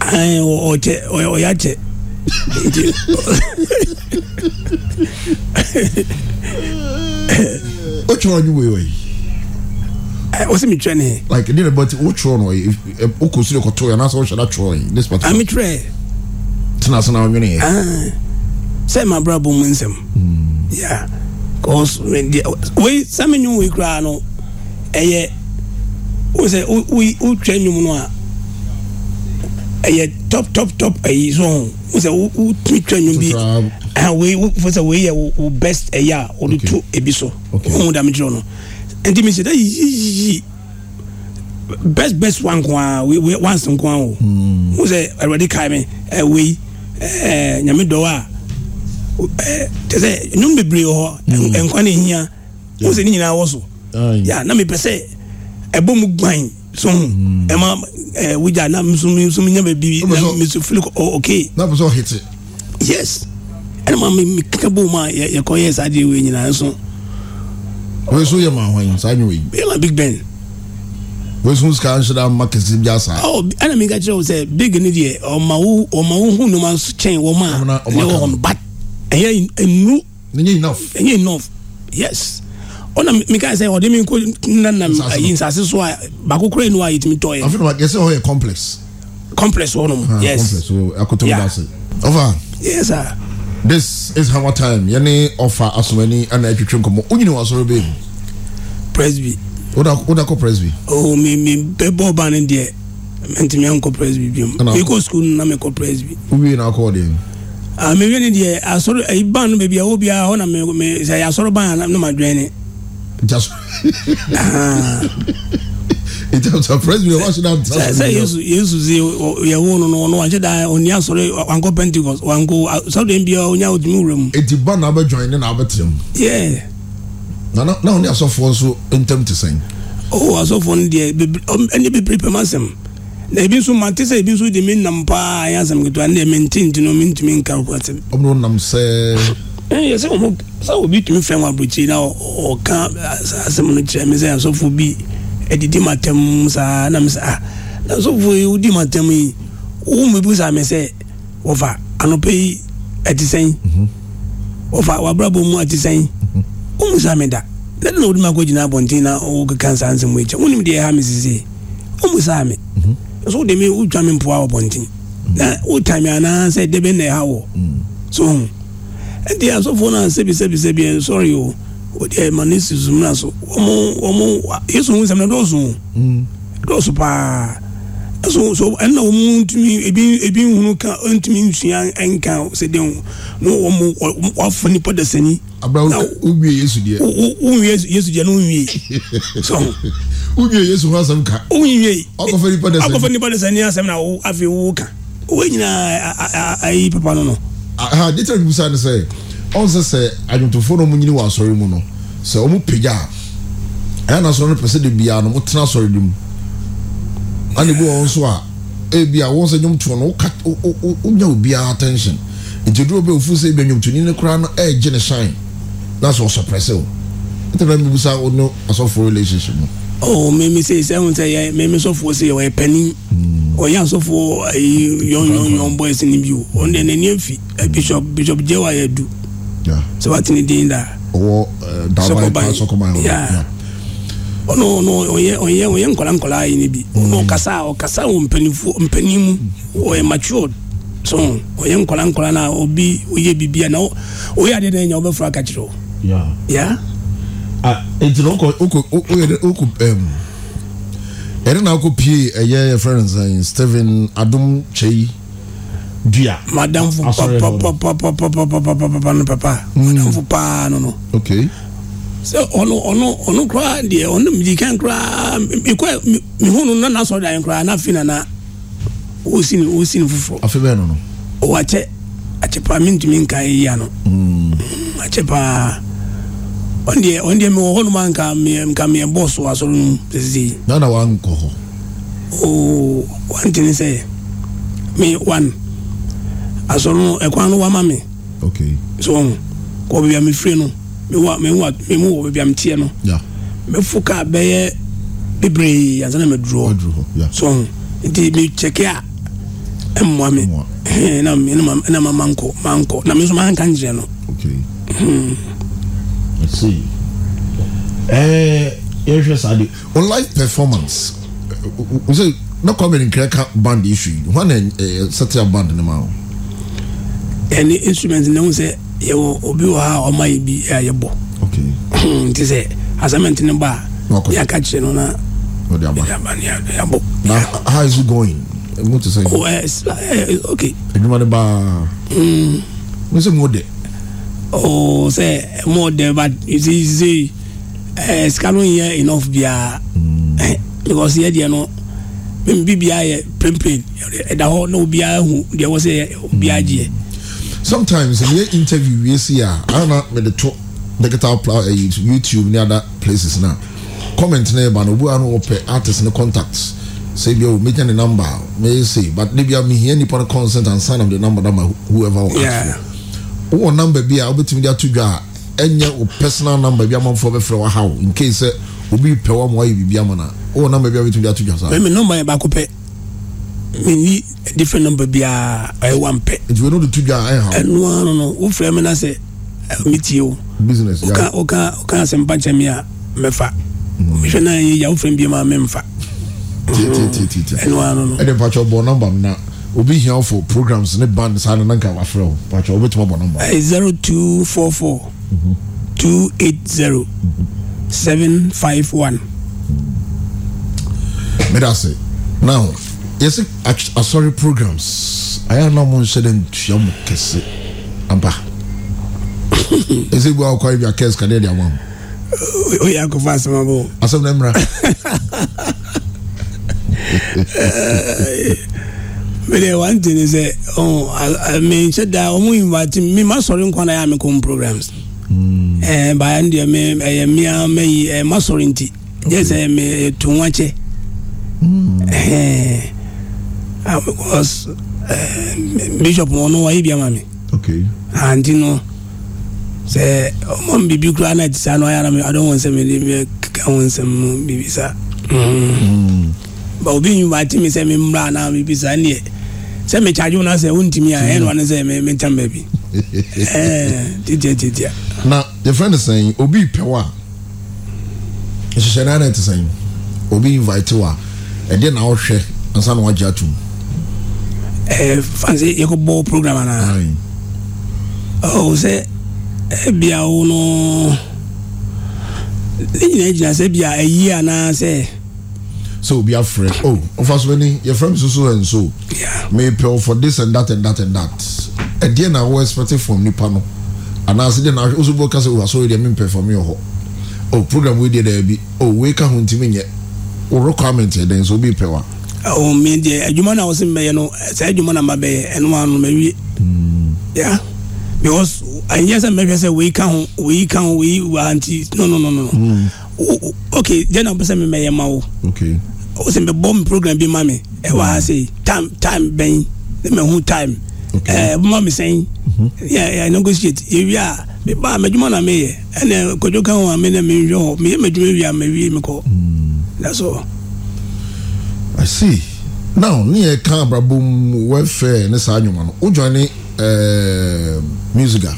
I or or or or wotwerɛ eh, no wei wei wosi mi twɛ like ne yɛrɛ bɔ ti o twerɛ no ye o kò sori kɔtɔ yɛ n'asɔrɔ sɛlɛ twerɛ ye ne sɛ pata. ami twerɛ. tena sena awo nwene yɛ. sɛ maa bra bɔ mu nsɛm. ya cause wei sami nyum wei koraa no ɛyɛ o sɛ o o twɛ nyum no a ɛyɛ top top top ɛyi so o sɛ o o twi twɛ nyum bi Ah, wei fɔsɛ wei yɛ wo best ɛyɛ a wɔde to ebi so ohun dame kyerɛ no nti mi sɛ dɛ yiyiyi best best one nko ara wei wei once nko ara o mo hmm. sɛ awurade kaa mi ɛ wei ɛɛ nyame dɔw a ɛɛ tɛ sɛ nnum bebree hɔ hmm. nkwa ne hia mo sɛ ne nyinaa wɔ so yà na mi pɛ sɛ ɛbɔ mu gban so hmm. ɛma ɛɛ wogya na nsumi nsumi nyɛ bɛ bi na mi so ɔ oh, ok. n'a fɔ sɔ yes ɛna maa mi keka bɔ mu a yɛkɔ yɛ saa deɛ wei nyinaa nso. wọ́n nso yẹ maa hwan saa nyɛ wei. bẹ́ẹ̀ ma big ben. wọ́n nso sika nhyɛnda mma kɛse bi asa. ɔ ɛna mi ka kyerɛ o sɛ big ni deɛ ɔma wo ɔma wo hu noma nso kyɛn wɔn a ɛyɛ wɔ hɔn but ɛyɛ enu. ɛyɛ enough. ɛyɛ enough yes ɔna mi ka sɛ ɔde mi ko nnanam ayi nsase so a baako kura enu a yɛ tumi tɔ yɛ. afei yɛsɛ hɔ yɛ complex. complex wɔ nom ah, yes. complex wɔ akoto bi ase. ɔfa. yes sir this is our time yɛne ɔfa asomani ana atwitwe nkɔmmɔ wonyini wɔ asɔre bɛi presby woda kɔ presby oh, mebɛbɔ ba no deɛ mentimi ankɔ presby biom mekɔ skul no na mekɔ presby wowie na akɔɔ deɛ ah mewie ne deɛ asɔre ayi ban no baabi a wo biara hɔ na me sɛ yɛ asɔre ban na madwɛne nti after first period wa sinna after second period. sẹ yesu yesu si yẹwo no no ọno wa n ṣe da oni asọrọ wanko pentikọs wanko sọdọ ebi ọnya otumi wura mu. eti ba na abẹ join ne na abẹ tẹ mu. na na oni asọfo nso ntẹm ti sẹyin. o asọfo ni deɛ ɛni bebere pɛm asɛm na ebi nso ma te sɛ ebi nso de mi nam paa ayɛ asɛm ketewa ne mi nti nti na mi ntumi nka ɔkura sɛm. ɔmu nam sɛɛ ɛyɛ sɛ ɔmo eh, sɛ obi tumi fɛn wa abirikyi na ɔka asɛm no kyerɛ mi sɛ asɔfo bi ɛdidi ma tɛm saa na mi sɛ ah nanso foyi wodi ma tɛm yi wo mu bi sa mi sɛ wɔfa anɔpɛ yi ɛti sɛn mhm. wɔfa wabrabɔ mu ɛti sɛn mhm. wo mu sa mi da ne de na wodi ma ko gyina abɔnten na o keka nsa nsɛm wo ekyɛ wɔnim deɛ ɛha mi sisi wo mu sa mi nso mhm. de mi wotwa mi mpoa wɔ bɔnten na wotwa mi anaasɛ debe na ɛha wɔ so ɛnti asɔfoɔ na sɛbi sɛbi sɛbi ɛn sɔre o deɛ ma ne si zum na so wɔn wɔn yesu ho nsɛm na dɔɔso dɔɔso paa ɛso so ɛnna wɔn ntumi ebi ebi nhunu ka ntumi nsua nka no den na wɔn wɔafɔ nipa dasani. abrawo unwie yesu deɛ. unwie yesu deɛ na unwie so. unwie yesu ho asɛm ka. unwie akɔfɔ nipa dasani akɔfɔ nipa dasani asɛm na afei wo ka wo nyinaa ayi papa no no. ha dita bibusa ni sɛ ɔnsɛ sɛ adwomtofoɔ na ɔmo nyini wɔ asɔre mu no sɛ ɔmo pagya a ɛyɛ na asɔre no pɛ sɛ de biara no mo tena asɔre no mu ɛna ebi wɔ wɔn nso a ebi a wɔn sɛ dwomtoɔ no woka wonya obiara attention nti duro bɛ ofu sɛ ebi ni ne koraa no ɛɛgye ne shine na sɛ ɔsɔ pɛsɛ o ɛtɛ na mmibu sa ɔno asɔfo relationship mu. ɔɔ mímí sɛ sɛhun sɛ yɛ mímí sɔfo sɛ yɛ ɔyɛ pɛnin ɔyɛ asɔfo ayi yɔnyɔnyɔn bɔyɛ sinibi o ɔn sabatini den da ɔwɔ dawaban sɔkɔban yɛ ɔno ɔno ɔyɛ ɔyɛ ɔyɛ nkɔla nkɔla ayi ni bi ɔno oh, ɔkasa mm. ɔkasa oh, wɔ oh, mpanyinfo mpanyin ɔyɛ matured so ɔyɛ nkɔla nkɔla na obi ɔyɛ bibi na ɔyɛ adeɛ ah, eh, na ɛnya ɔbɛfura eh, kakyere o ya. nti na ɔkɔ ɔkɔ ɔkɔ ɔkɔ ɛm ɛne na akɔ pie ɛyɛ yɛ fɛn eh, nsa stephen adum kyɛyi. dua. madamfo papapapapapapa no papa madamfo hmm. paa no no. okay. sɛ ɔno ɔno ɔno koraa deɛ ɔno mìkan koraa mìkɔ mìhunu na sɔrɔ dan koraa n'afin nana osi ni osi foforɔ. afei bɛyɛ nono. o wa kyɛ akyɛ paa mi ntumi nka yi ya no. akyɛ paa ɔn deɛ ɔn deɛ mi wɔ hɔnom a nka miɛ nka miɛ bɔɔso asɔrɔ nu sisi. nana wa nkɔ hɔ. ooo wa ntini sɛ mi one. asɔrɔ no ɛkwan no mi so ɔn kɔ mi firi no mi wa mi wa mi mu wɔ beebi mi tiɛ no mi fo kaa bɛyɛ bebree yansan mi duro so nti mi kyɛkɛ a ɛmoa mi ɛn mi ɛna ma ma nkɔ ma nkɔ na mi nso ma nka n kyerɛ no. ɛɛ yɛhwɛ saa live performance n sɛ ne kɔ mi nkira band issue yi wọn na ɛ band ne ma o ɛne instrument ne ho sɛ yɛwɔ obi wɔ ha a ɔma yɛ bi a yɛbɔ nti sɛ assignment ne ba a yɛaka kyerɛ no na how is it going? I'm going say. Oh, eh, eh, okay. sɛ mo mm. de oh, eh, sika no yɛ enough biara mm. because yɛ no bibi yɛ pimpin ɛda hɔ na obiara hu deɛ wɔ sɛ obiara gyeɛ sometimes in your interview we see ya ah, ana me de to digital pla eh, youtube ni other places na comment na ba no bu ano ope artist ne contacts say bi o make the number may say but they be me here nipa consent and sign up the number that whoever will ask for wo number bi a ah, obetimi de ato dwa ah, enye o personal number bi amamfo be frɛ wa how in case obi pɛ wa mo ayi bibi amana wo number bi a obetimi de ato dwa sa me number e ba ko pɛ me ni different number biara ɛyɛ one pɛ. nti wo n'olu tu dwa ɛyɛ hàn. ɛnu ano no o filɛ mi na sɛ mi tie o. business ya yeah. o ka o ka asɛm pankyɛn mi a mɛ fa mi fɛ n'an ye yawo fɛn bi ma mɛ n fa. ɛnu ano no. ɛdi mpatsɔ bɔ nɔmba mi na obi hiɛ fo programs ne band saa nana nka wafrɛ o mpatsɔ o bɛ tuma bɔ nɔmba. ɛɛ zero two four four two eight zero seven five one. mɛ da se now yɛsɛ asɔre programs ayɛ na mo nhyɛ dɛ ntua mu kɛse aba ɛsɛ bi a wokɔre bia kɛs kadeɛ de ama mo oyɛ akɔfa asɛm abo asɛm na mmra mede wante ne sɛ menhyɛ da ɔmo invite me masɔre nkwa na yɛ a mekɔm programs baɛ no deɛ me ɛyɛ eh, mmea eh, eh, mayi masɔre nti gye sɛ meto wakyɛ uh, because uh, bishop wọn no wáyé bi ama mi àǹtí no sɛ ɔmɔ mi bibi kura ana ti sa no ayara mi adɔn wɔn nsɛm ɛdi mi keka wɔn nsɛm mu bibi sa ba obi nyi ba ti mi sɛ mi mura ana mi bi sa neɛ sɛ mi kyaaju na sɛ ontimi a ɛn wani sɛ mi mi tam baabi ɛɛ titia titia. na yɛfrɛ no sɛn obi pɛ wa nhyehyɛ no ana ti sɛn obi invite wa ɛdeɛ na ɔhwɛ ansa na wagye atum. Eh, fanse yɛkɔbɔ program anaa ɔwɔ sɛ bia wo no ne nyinaa gyina sɛ a ayi anaa sɛ sɛ obi afrɛ o ɔfa so ni yɛfrɛ mi soso and so mepɛ o oh, for this and that and that and that ɛdeɛ eh, na awɔ expected from nipa no anaasɛ deɛ na ɔso bɔ kasa o asɔre deɛ mi mpɛ for mi wɔ hɔ o program wei deɛ dɛɛ bi o oh, wei ka ho ntumi nyɛ o requirement yɛ eh, dɛ nso obi pɛ wa ɔwɔ mi deɛ adwuma na ɔsi mbɛyɛ eh, eh, no saa adwuma na mba bɛyɛ ɛnu ma no mɛwie hmm. ya because anyɛ sɛ mbɛhwɛ sɛ wei ka ho wei ka ho wei wa nti no no no no mm. o, oh, o, oh, okay deɛ na ma wo oh. okay ɔsi mbɛbɔ mi program bi ma mi ɛwɔ ha sɛ time time bɛn ne mɛ hu time ɛɛ bɔn mi sɛn yɛ yɛ negotiate yɛ wi a mi ba mɛ adwuma na mi yɛ ɛnna kɔjɔ kan ho a mi na mi nhwɛ hɔ mi yɛ mɛ adwuma wi a mɛ wi mi kɔ hmm. that's all. i see now ne yɛ ka abrabɔ mu welfare ne saa nnwuma no wodwane eh, ɛɛ a.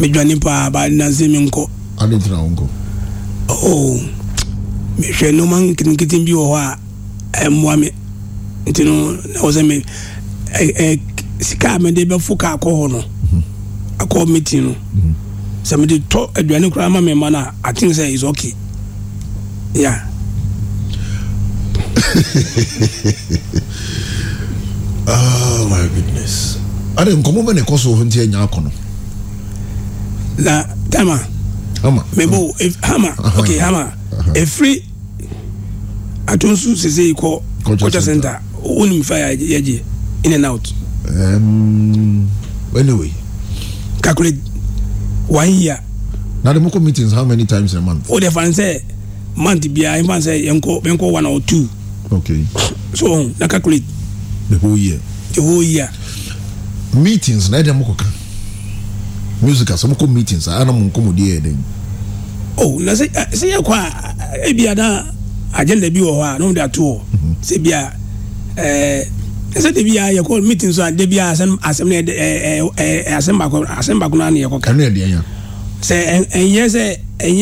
medwane paa baadinase nkọ. nkɔ. adi wo nkɔ. mehwɛ nneɛma bi wɔ hɔ a ɛmmoa me nti no na me sika a mede bɛfo kaa kɔ hɔ no akɔ meeting no sɛ mɛde tɔ aduane ma mɛma no a i sɛ oh my goodness ade nkɔmɔ bɛ na ɛkɔ so nti ɛnya akɔ no na tama hama mebo hama okay hama efiri atonso sese kɔ culture center wonim fa yagye in and out um, anyway calculate one year na de mokɔ meetings how many times a month o de fa n sɛ month biara n fa n sɛ yɛnkɔ yɛnkɔ one or two Okay. So na calculate. The whole year. The whole year. Meetings na ɛdɛm mo kɔka. Music asɛ mo meetings a ah, ana mo nkɔ mo di yɛ dɛ. Oh na sɛ se ah, yɛ kɔ a ebi eh, ada agenda bi wɔ hɔ a n'o de ato hɔ. Sɛ bi a ɛɛ ɛsɛ de bi a yɛ kɔ meetings a de bi a asɛm asɛm na ɛɛ ɛɛ eh, eh, asɛm baako asɛm baako na yɛ kɔ ka. Kanu yɛ deɛ yan. Sɛ ɛnyɛ sɛ ɛnyɛ.